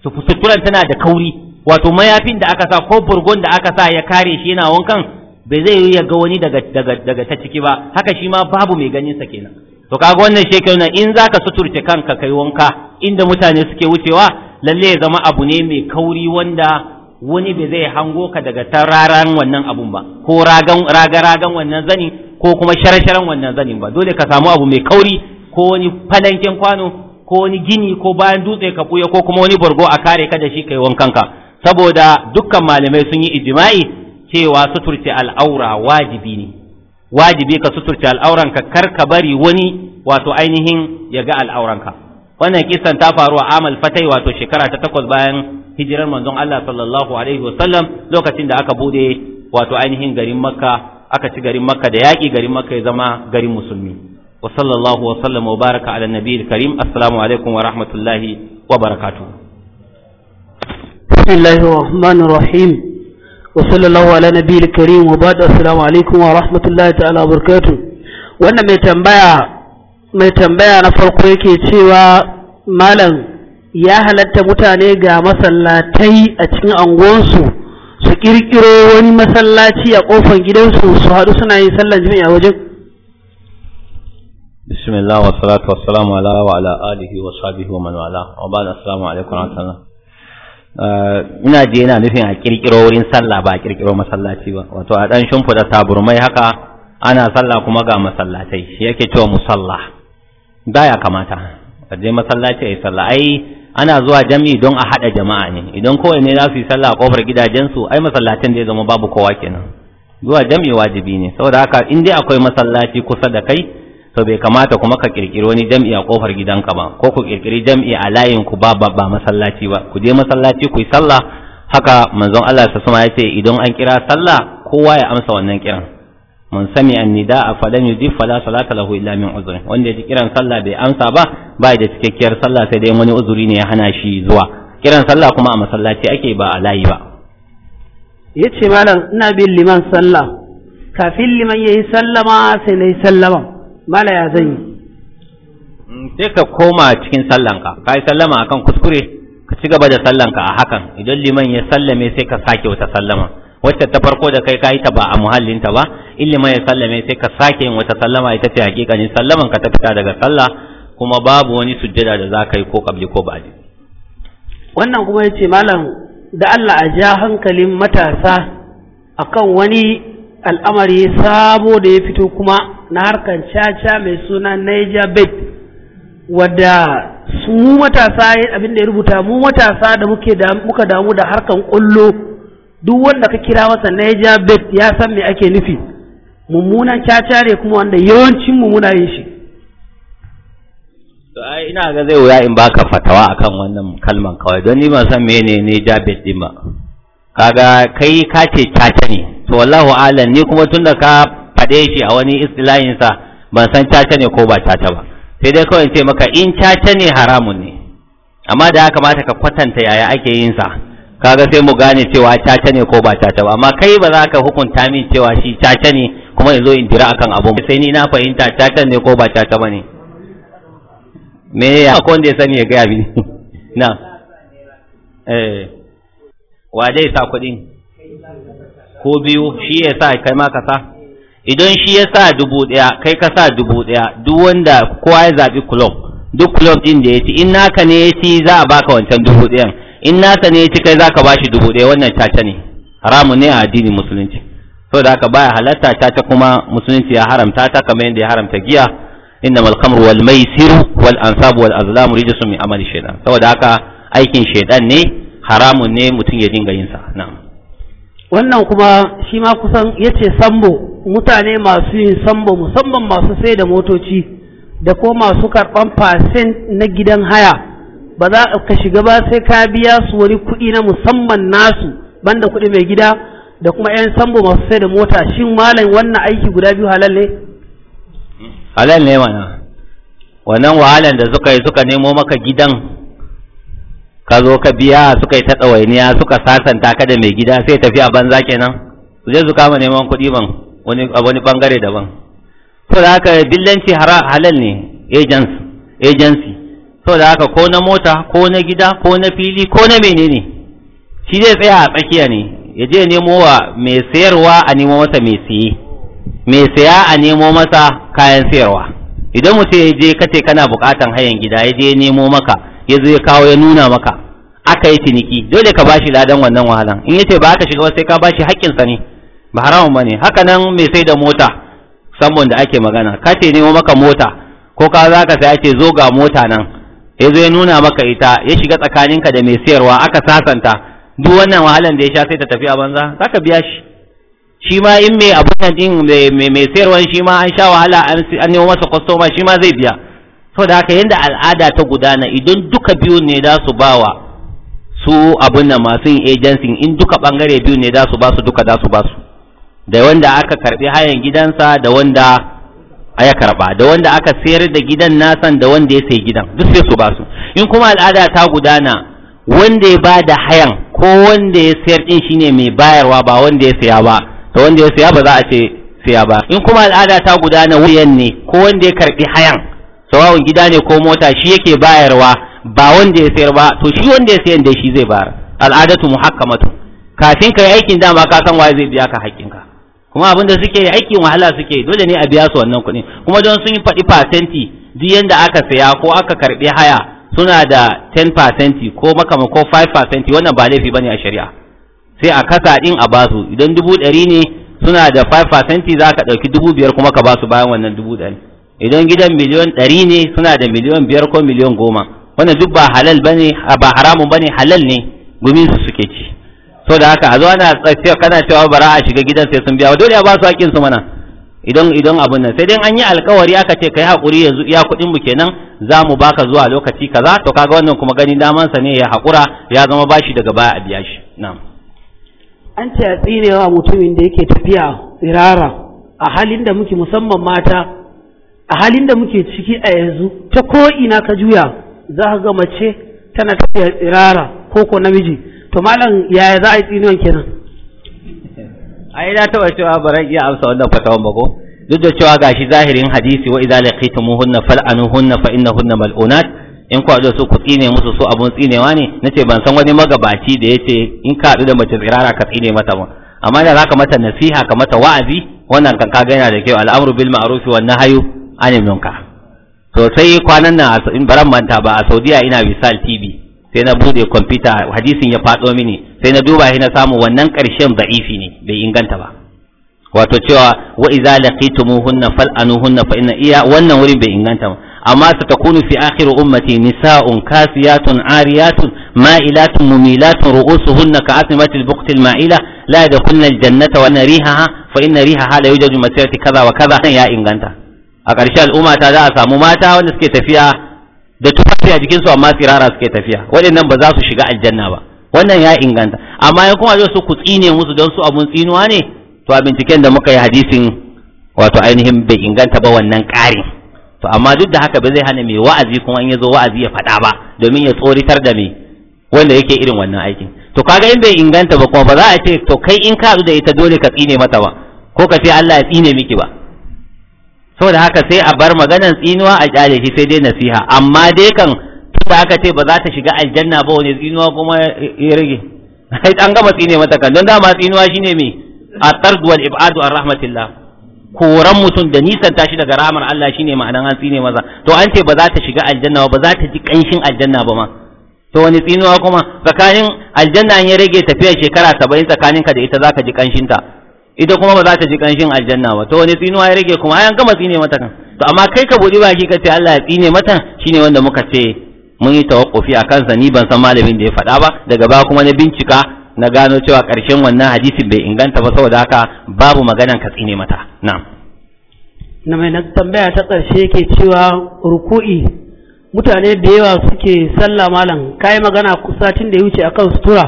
suturan tana da kauri wato mayafin da aka sa ko burgon da aka sa ya kare shi yana wankan bai zai yi ga wani daga ta ciki ba haka shi ma babu mai ganin sa kenan to kaga wannan shekaru in za zaka suturce kanka kai wanka inda mutane suke wucewa lalle ya zama abu ne mai kauri wanda wani bai zai hango ka daga ta raran wannan abun ba ko ragan ragan wannan zani ko kuma sharasharan wannan zanin ba dole ka samu abu mai kauri ko wani falanken kwano ko wani gini ko bayan dutse ka buya ko kuma wani borgo a kare ka da shi kai wankanka saboda dukkan malamai sun yi ijma'i cewa suturce al'aura wajibi ne wajibi ka suturce al'auranka kar ka bari wani wato ainihin ya ga al'auranka wannan kisan ta faru a amal fatai wato shekara ta takwas bayan hijirar manzon Allah sallallahu alaihi wasallam lokacin da aka bude wato ainihin garin Makka aka ci garin makka da yaƙi garin makka ya zama garin musulmi wa sallallahu wa sallama wa baraka ala nabiyil karim assalamu alaikum wa rahmatullahi wa barakatuh bismillahir rahmanir rahim wa sallallahu ala nabiyil karim wa ba'd assalamu alaikum wa rahmatullahi ta'ala wa barakatuh wannan mai tambaya mai tambaya na farko yake cewa malam ya halatta mutane ga masallatai a cikin anguwansu su kirkiro wani masallaci a kofar gidansu su haɗu suna yin sallar jima'i a wajen bismillah wa salatu wa salamu ala wa ala alihi wa sahbihi wa man wala wa ba assalamu alaikum wa rahmatullah uh, ina je yana nufin a kirkiro wurin sallah ba a kirkiro masallaci ba wato a dan shimfida taburmai haka ana sallah kuma ga masallatai shi yake cewa musalla da ya kamata a je masallaci yi sallah ai ana zuwa jam'i don a haɗa jama'a ne idan kowai ne za su yi sallah a ƙofar gidajensu ai masallacin da ya zama babu kowa kenan zuwa jam'i wajibi ne saboda haka in dai akwai masallaci kusa da kai to bai kamata kuma ka kirkiri wani jami'i a kofar gidanka ba ko ku kirkiri jami'i a layin ku ba ba masallaci ba ku je masallaci ku yi sallah haka manzon Allah sa suma ya ce idan an kira sallah kowa ya amsa wannan kiran man sami annida a falam yuzi fala salata lahu illa min uzrin wanda ji kiran sallah bai amsa ba bai da cikakkiyar sallah sai dai wani uzuri ne ya hana shi zuwa kiran sallah kuma a masallaci ake ba a layi ba yace malam ina bin liman sallah kafin liman yayi sallama sai nayi sallama mala ya zan yi mm, sai ka koma cikin sallanka kai sallama akan kuskure ka ci gaba da sallanka a hakan idan liman ya sallame sai ka sake wata sallama wacce ta farko da kai kayi ta ba a muhallin ta ba illi mai sallame sai ka sake yin wata sallama ita ce hakikanin sallaman ka ta fita daga sallah kuma babu wani sujjada da za ka yi ko kabli ko ba'di wannan kuma yace malam da Allah a ja hankalin matasa akan wani al'amari sabo da ya fito kuma na harkan caca mai suna Niger bed wadda su matasa abin da ya rubuta mu matasa da muke da muka damu da harkan kullo duk wanda ka kira masa Niger bet ya san me ake nufi mummunan cacare kuma wanda yawancin mummuna yin shi to ai ina ga zai wuya in baka fatawa akan wannan kalman kawai don ni ban san menene ne bet din ba kaga kai ka ce caca ne to wallahu alam ni kuma tunda ka fade shi a wani istilahin sa ban san caca ne ko ba caca ba sai dai kawai in ce maka in caca ne haramun ne amma da ya kamata ka kwatanta yaya ake yin sa kaga sai mu gane cewa caca ne ko ba caca ba amma kai ba za ka hukunta min cewa shi caca ne kuma in zo in jira akan abun sai ni na fahimta caca ne ko ba caca ba ne me ya ko wanda ya sani ya gaya bi? na eh wa dai sa kuɗin ko biyu shi ya sa kai ma ka sa idan shi ya sa dubu ɗaya kai ka sa dubu ɗaya duk wanda kowa ya zaɓi kulob duk kulob ɗin da ya ci in naka ne ya ci za a baka wancan dubu ɗayan in nasa ne ci kai ba bashi dubu ɗaya wannan caca ne haramun ne a addinin musulunci saboda haka baya halatta caca kuma musulunci ya haramta ta kamar yadda ya haramta giya innamal khamru wal maisiru wal ansabu wal azlamu sun min amali shaytan saboda haka aikin shaytan ne haramun ne mutum ya dinga yin sa na'am wannan kuma shi ma kusan yace sambo mutane masu yin sambo musamman masu sai da motoci da ko masu karban fasin na gidan haya ba za ka shiga ba sai ka biya su wani kuɗi na musamman nasu banda kuɗi mai gida da kuma 'yan sambo masu sai da mota shin malam wannan aiki guda biyu halal ne halal ne mana wannan wahalan da suka yi suka nemo maka gidan ka zo ka biya suka yi ta ɗawainiya suka sasanta ka da mai gida sai tafi a banza kenan su je su kama neman kuɗi ban wani a wani bangare daban to da haka dillanci halal ne agents agency to da haka ko na mota ko na gida ko na fili ko na menene shi zai tsaya a tsakiya ne ya je nemo wa mai sayarwa a nemo masa mai siye mai saya a nemo masa kayan sayarwa idan mutum ya je kace kana bukatan hayan gida ya je nemo maka ya zo ya kawo ya nuna maka aka yi ciniki dole ka bashi ladan wannan wahalan in yace ba ka shiga sai ka bashi haƙƙinsa ne ba haramun bane haka nan mai sai da mota samun da ake magana kace nemo maka mota ko ka za ka sai ake zo ga mota nan ya zo ya nuna maka ita ya shiga tsakaninka da mai sayarwa aka sasanta duk wannan wahalan da ya sha sai ta tafi a banza za ka biya shi shi ma in mai abun nan din mai sayarwa shi ma an sha wahala an nemo masa kwastoma shi ma zai biya to da haka yadda al'ada ta gudana idan duka biyun ne za su bawa su abun nan masu yin agency in duka bangare biyu ne za su ba su duka za su ba su da wanda aka karbi hayan gidansa da wanda a ya karba da wanda aka sayar da gidan nasan da wanda ya sayi gidan duk sai su ba su in kuma al'ada ta gudana wanda ya ba da hayan ko wanda ya sayar din shine mai bayarwa ba wanda ya saya ba to wanda ya saya ba za a ce saya ba in kuma al'ada ta gudana wuyan ne ko wanda ya karbi hayan sawawan gida ne ko mota shi yake bayarwa ba wanda ya sayar ba to shi wanda ya sayar da shi zai bayar al'adatu muhakkamatu kafin ka yi aikin dama ka san waye zai biya ka haƙƙinka kuma abin da suke yi aikin wahala suke dole ne a biya su wannan kuɗin kuma don sun yi faɗi fasenti duk yanda aka saya ko aka karɓi haya suna da 10 fasenti ko makama ko 5 fasenti wannan ba laifi bane a shari'a sai a kasa din a basu idan dubu ɗari ne suna da 5 fasenti za ka ɗauki dubu biyar kuma ka ba su bayan wannan dubu ɗari idan gidan miliyon ɗari ne suna da miliyon biyar ko miliyon goma wannan duk ba halal bane ba haramun bane halal ne gumin su suke ci to da haka a zo ana tsaye kana cewa bara a shiga gidan sai sun biya dole a ba su hakkin su mana idan idan abun nan sai dai an yi alkawari aka ce kai hakuri yanzu iya kuɗin mu kenan za mu baka zuwa lokaci kaza to kaga wannan kuma gani daman sa ne ya hakura ya zama bashi daga baya a biya shi na'am an ce a tsinewa mutumin da yake tafiya tsirara a halin da muke musamman mata a halin da muke ciki a yanzu ta ko ina ka juya za ka ga mace tana tafiya tsirara ko ko namiji to malam yaya za a yi tsinuwan kenan a yi na cewa ba iya amsa wannan fatawan ba ko duk da cewa gashi zahirin hadisi wa idza laqitumuhunna fal'anuhunna fa innahunna mal'unat in ku haɗu su ku tsine musu su abun tsinewa ne nace ban san wani magabaci da ce in ka haɗu da mace tsirara ka tsine mata ba amma da zaka mata nasiha ka mata wa'azi wannan kan ka yana da kyau al'amru bil ma'ruf wan nahyu anil munkar to sai kwanan nan in baran manta ba a Saudiya ina bisal TV sai na bude kwamfuta hadisin ya faɗo mini sai na duba shi na samu wannan ƙarshen za'ifi ne bai inganta ba wato cewa wa idza laqitumuhunna fal'anuhunna fa inna iya wannan wurin bai inganta ba amma satakunu fi akhir ummati nisa'un kasiyatun ariyatun ma'ilatun mumilatun ru'usuhunna ka'atmati al-buqti al-ma'ila la yadkhulna al-jannata wa rihaha fa inna rihaha la yujadu masirati kaza wa kaza ya inganta a ƙarshe al'umma ta za a samu mata wanda suke tafiya da tufafi a su amma tsirara suke tafiya waɗannan ba za su shiga aljanna ba wannan ya inganta amma ya kuma su ku tsine musu don su abun tsinuwa ne to a binciken da muka yi hadisin wato ainihin bai inganta ba wannan ƙari to amma duk da haka ba zai hana mai wa'azi kuma in ya zo wa'azi ya faɗa ba domin ya tsoritar da mai wanda yake irin wannan aikin to kaga in bai inganta ba kuma ba za a ce to kai in ka da ita dole ka tsine mata ba ko ka ce Allah ya tsine miki ba saboda haka sai a bar maganan tsinuwa a kyale shi sai dai nasiha amma dai kan tunda aka ce ba za ta shiga aljanna ba wani tsinuwa kuma ya rage ai an gama tsine mata kan don dama tsinuwa shine me a tard wal ib'ad an rahmatillah koran mutum da nisan tashi daga rahmar Allah shine ma'anan an tsine maza to an ce ba za ta shiga aljanna ba ba za ta ji kanshin aljanna ba ma to wani tsinuwa kuma tsakanin aljanna ya rage tafiya shekara 70 tsakaninka da ita zaka ji kanshin ta ita kuma ba za ta ji kanshin aljanna ba to wani tsinuwa ya rage kuma ayan gama tsine mata kan to amma kai ka bude baki ka ce Allah ya tsine mata shine wanda muka ce mun yi tawakkufi a kansa ni ban san malamin da ya faɗa ba daga ba kuma na bincika na gano cewa ƙarshen wannan hadisi bai inganta ba saboda haka babu maganan ka tsine mata na'am na mai na tambaya ta ƙarshe yake cewa ruku'i mutane da yawa suke sallah malam kai magana kusa tun da ya wuce akan sutura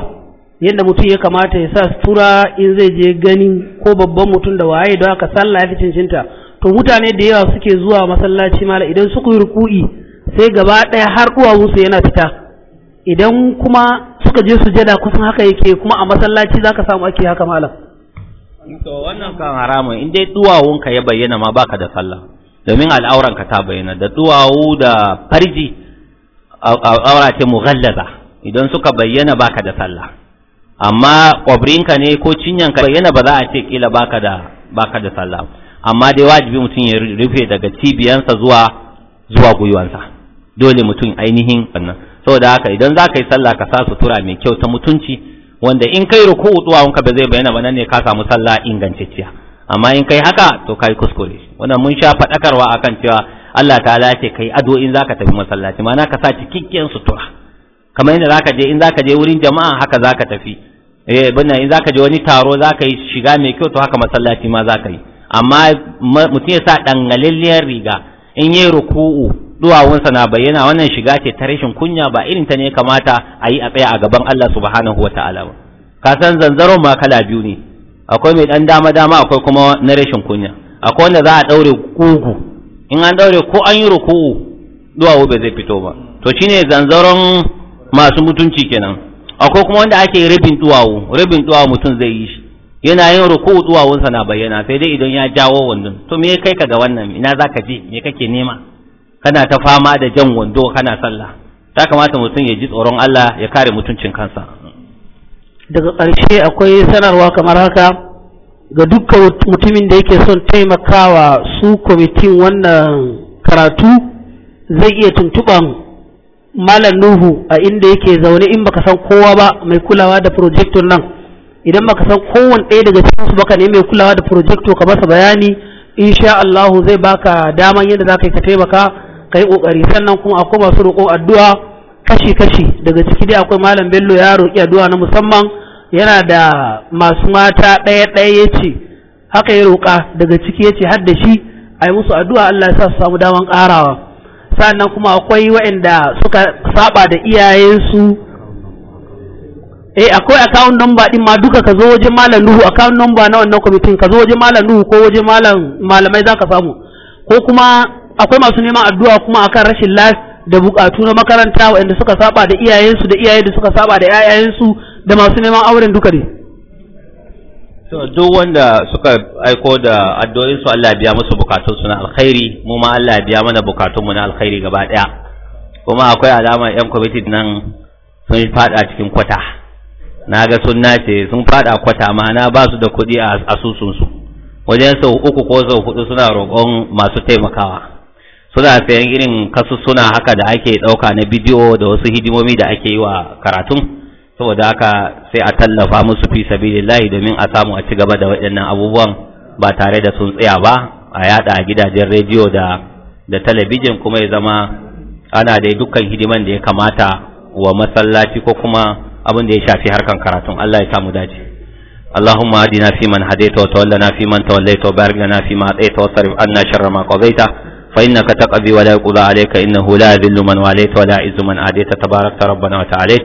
yadda mutum ya kamata ya sa sutura in zai je gani ko babban mutum da waye don haka sallah ya fi cincinta to mutane da yawa suke zuwa masallaci mala idan suka yi ruku'i sai gaba ɗaya har duwawunsu yana fita idan kuma suka je sujada kusan haka yake kuma a masallaci za ka samu ake haka malam to wannan kan haramun in dai duwawunka ya bayyana ma baka da sallah domin al'auranka ta bayyana da duwawu da farji al'aura ce mughallaza idan suka bayyana baka da sallah amma kwabrinka ne ko cinyanka yana ba za a ce kila baka da baka da sallah amma dai wajibi mutum ya rufe daga cibiyansa zuwa zuwa gwiwansa dole mutum ainihin wannan saboda haka idan za ka yi sallah ka sa sutura mai kyau ta mutunci wanda in kai ruku'u wanka ba zai bayyana ba nan ne ka samu sallah ingantacciya amma in kai haka to kai kuskure wannan mun sha faɗakarwa akan cewa Allah ta'ala ce kai ado in zaka tafi masallaci ma'ana ka sa cikakken sutura kamar yadda zaka je in zaka je wurin jama'a haka zaka tafi eh bana in zaka je wani taro zaka yi shiga mai kyau to haka masallaci ma zaka yi amma mutum ya sa dangalalliyar riga in yi ruku'u duwawunsa na bayyana wannan shiga ce ta rashin kunya ba irin ta ne kamata a yi a tsaya a gaban Allah subhanahu wata'ala ba ka san zanzaron ma kala biyu ne akwai mai dan dama dama akwai kuma na rashin kunya akwai wanda za a daure kugu in an daure ko an yi ruku'u duwawu bai zai fito ba to shine zanzaron masu mutunci kenan akwai kuma wanda ake rabin duwawu rabin duwawu mutum zai yi shi yana yin ruku duwawunsa na bayyana sai dai idan ya jawo wandon to me kai ka ga wannan ina zaka je me kake nema kana ta fama da jan wando kana sallah ta kamata mutum ya ji tsoron Allah ya kare mutuncin kansa daga ƙarshe akwai sanarwa kamar haka ga dukkan mutumin da yake son taimakawa su kwamitin wannan karatu zai iya tuntuɓan malam nuhu a inda yake zaune in baka san kowa ba mai kulawa da projector nan idan baka san kowanne ɗaya daga cikin su baka ne mai kulawa da projector ka masa bayani insha Allah zai baka daman yadda zaka yi ka taimaka kai kokari sannan kuma akwai masu roƙon addu'a kashi kashi daga ciki dai akwai malam Bello ya roƙi addu'a na musamman yana da masu mata ɗaya ɗaya yace haka ya roƙa daga ciki yace har da shi ai musu addu'a Allah ya sa su samu daman ƙarawa sannan kuma akwai waɗanda suka saba da iyayensu eh akwai account number din ma duka ka zo waje malam nuhu account number na wannan kwamitin ka zo waje malam nuhu ko waje malam malamai zaka samu ko kuma akwai masu neman addu'a kuma akan rashin lafiya da bukatu na makaranta waɗanda suka saba da iyayensu da iyaye da suka saba da 'ya'yayensu da masu neman auren duka ne to duk wanda suka aiko da addu'o'in su Allah biya musu bukatun su alkhairi mu ma Allah biya mana bukatun mu na alkhairi gaba daya kuma akwai alama yan kwamitin nan sun fada cikin kwata na ga sun nace sun fada kwata ma'ana ba su da kuɗi a asusun su wajen sau uku ko sau hudu suna roƙon masu taimakawa suna sayan irin kasussuna haka da ake ɗauka na bidiyo da wasu hidimomi da ake yi wa karatun saboda haka sai a tallafa musu fi sabilillahi domin a samu a ci gaba da waɗannan abubuwan ba tare da sun tsaya ba a yada a gidajen rediyo da da talabijin kuma ya zama ana da dukkan hidiman da ya kamata wa masallaci ko kuma abin da ya shafi harkan karatun Allah ya samu dace اللهم اهدنا فيمن هديت وتولنا فيمن توليت وبارك لنا فيما اعطيت واصرف عنا شر ما قضيت فانك تقضي ولا يقضى عليك انه لا يذل من واليت ولا يعز من عاديت تبارك ربنا وتعاليت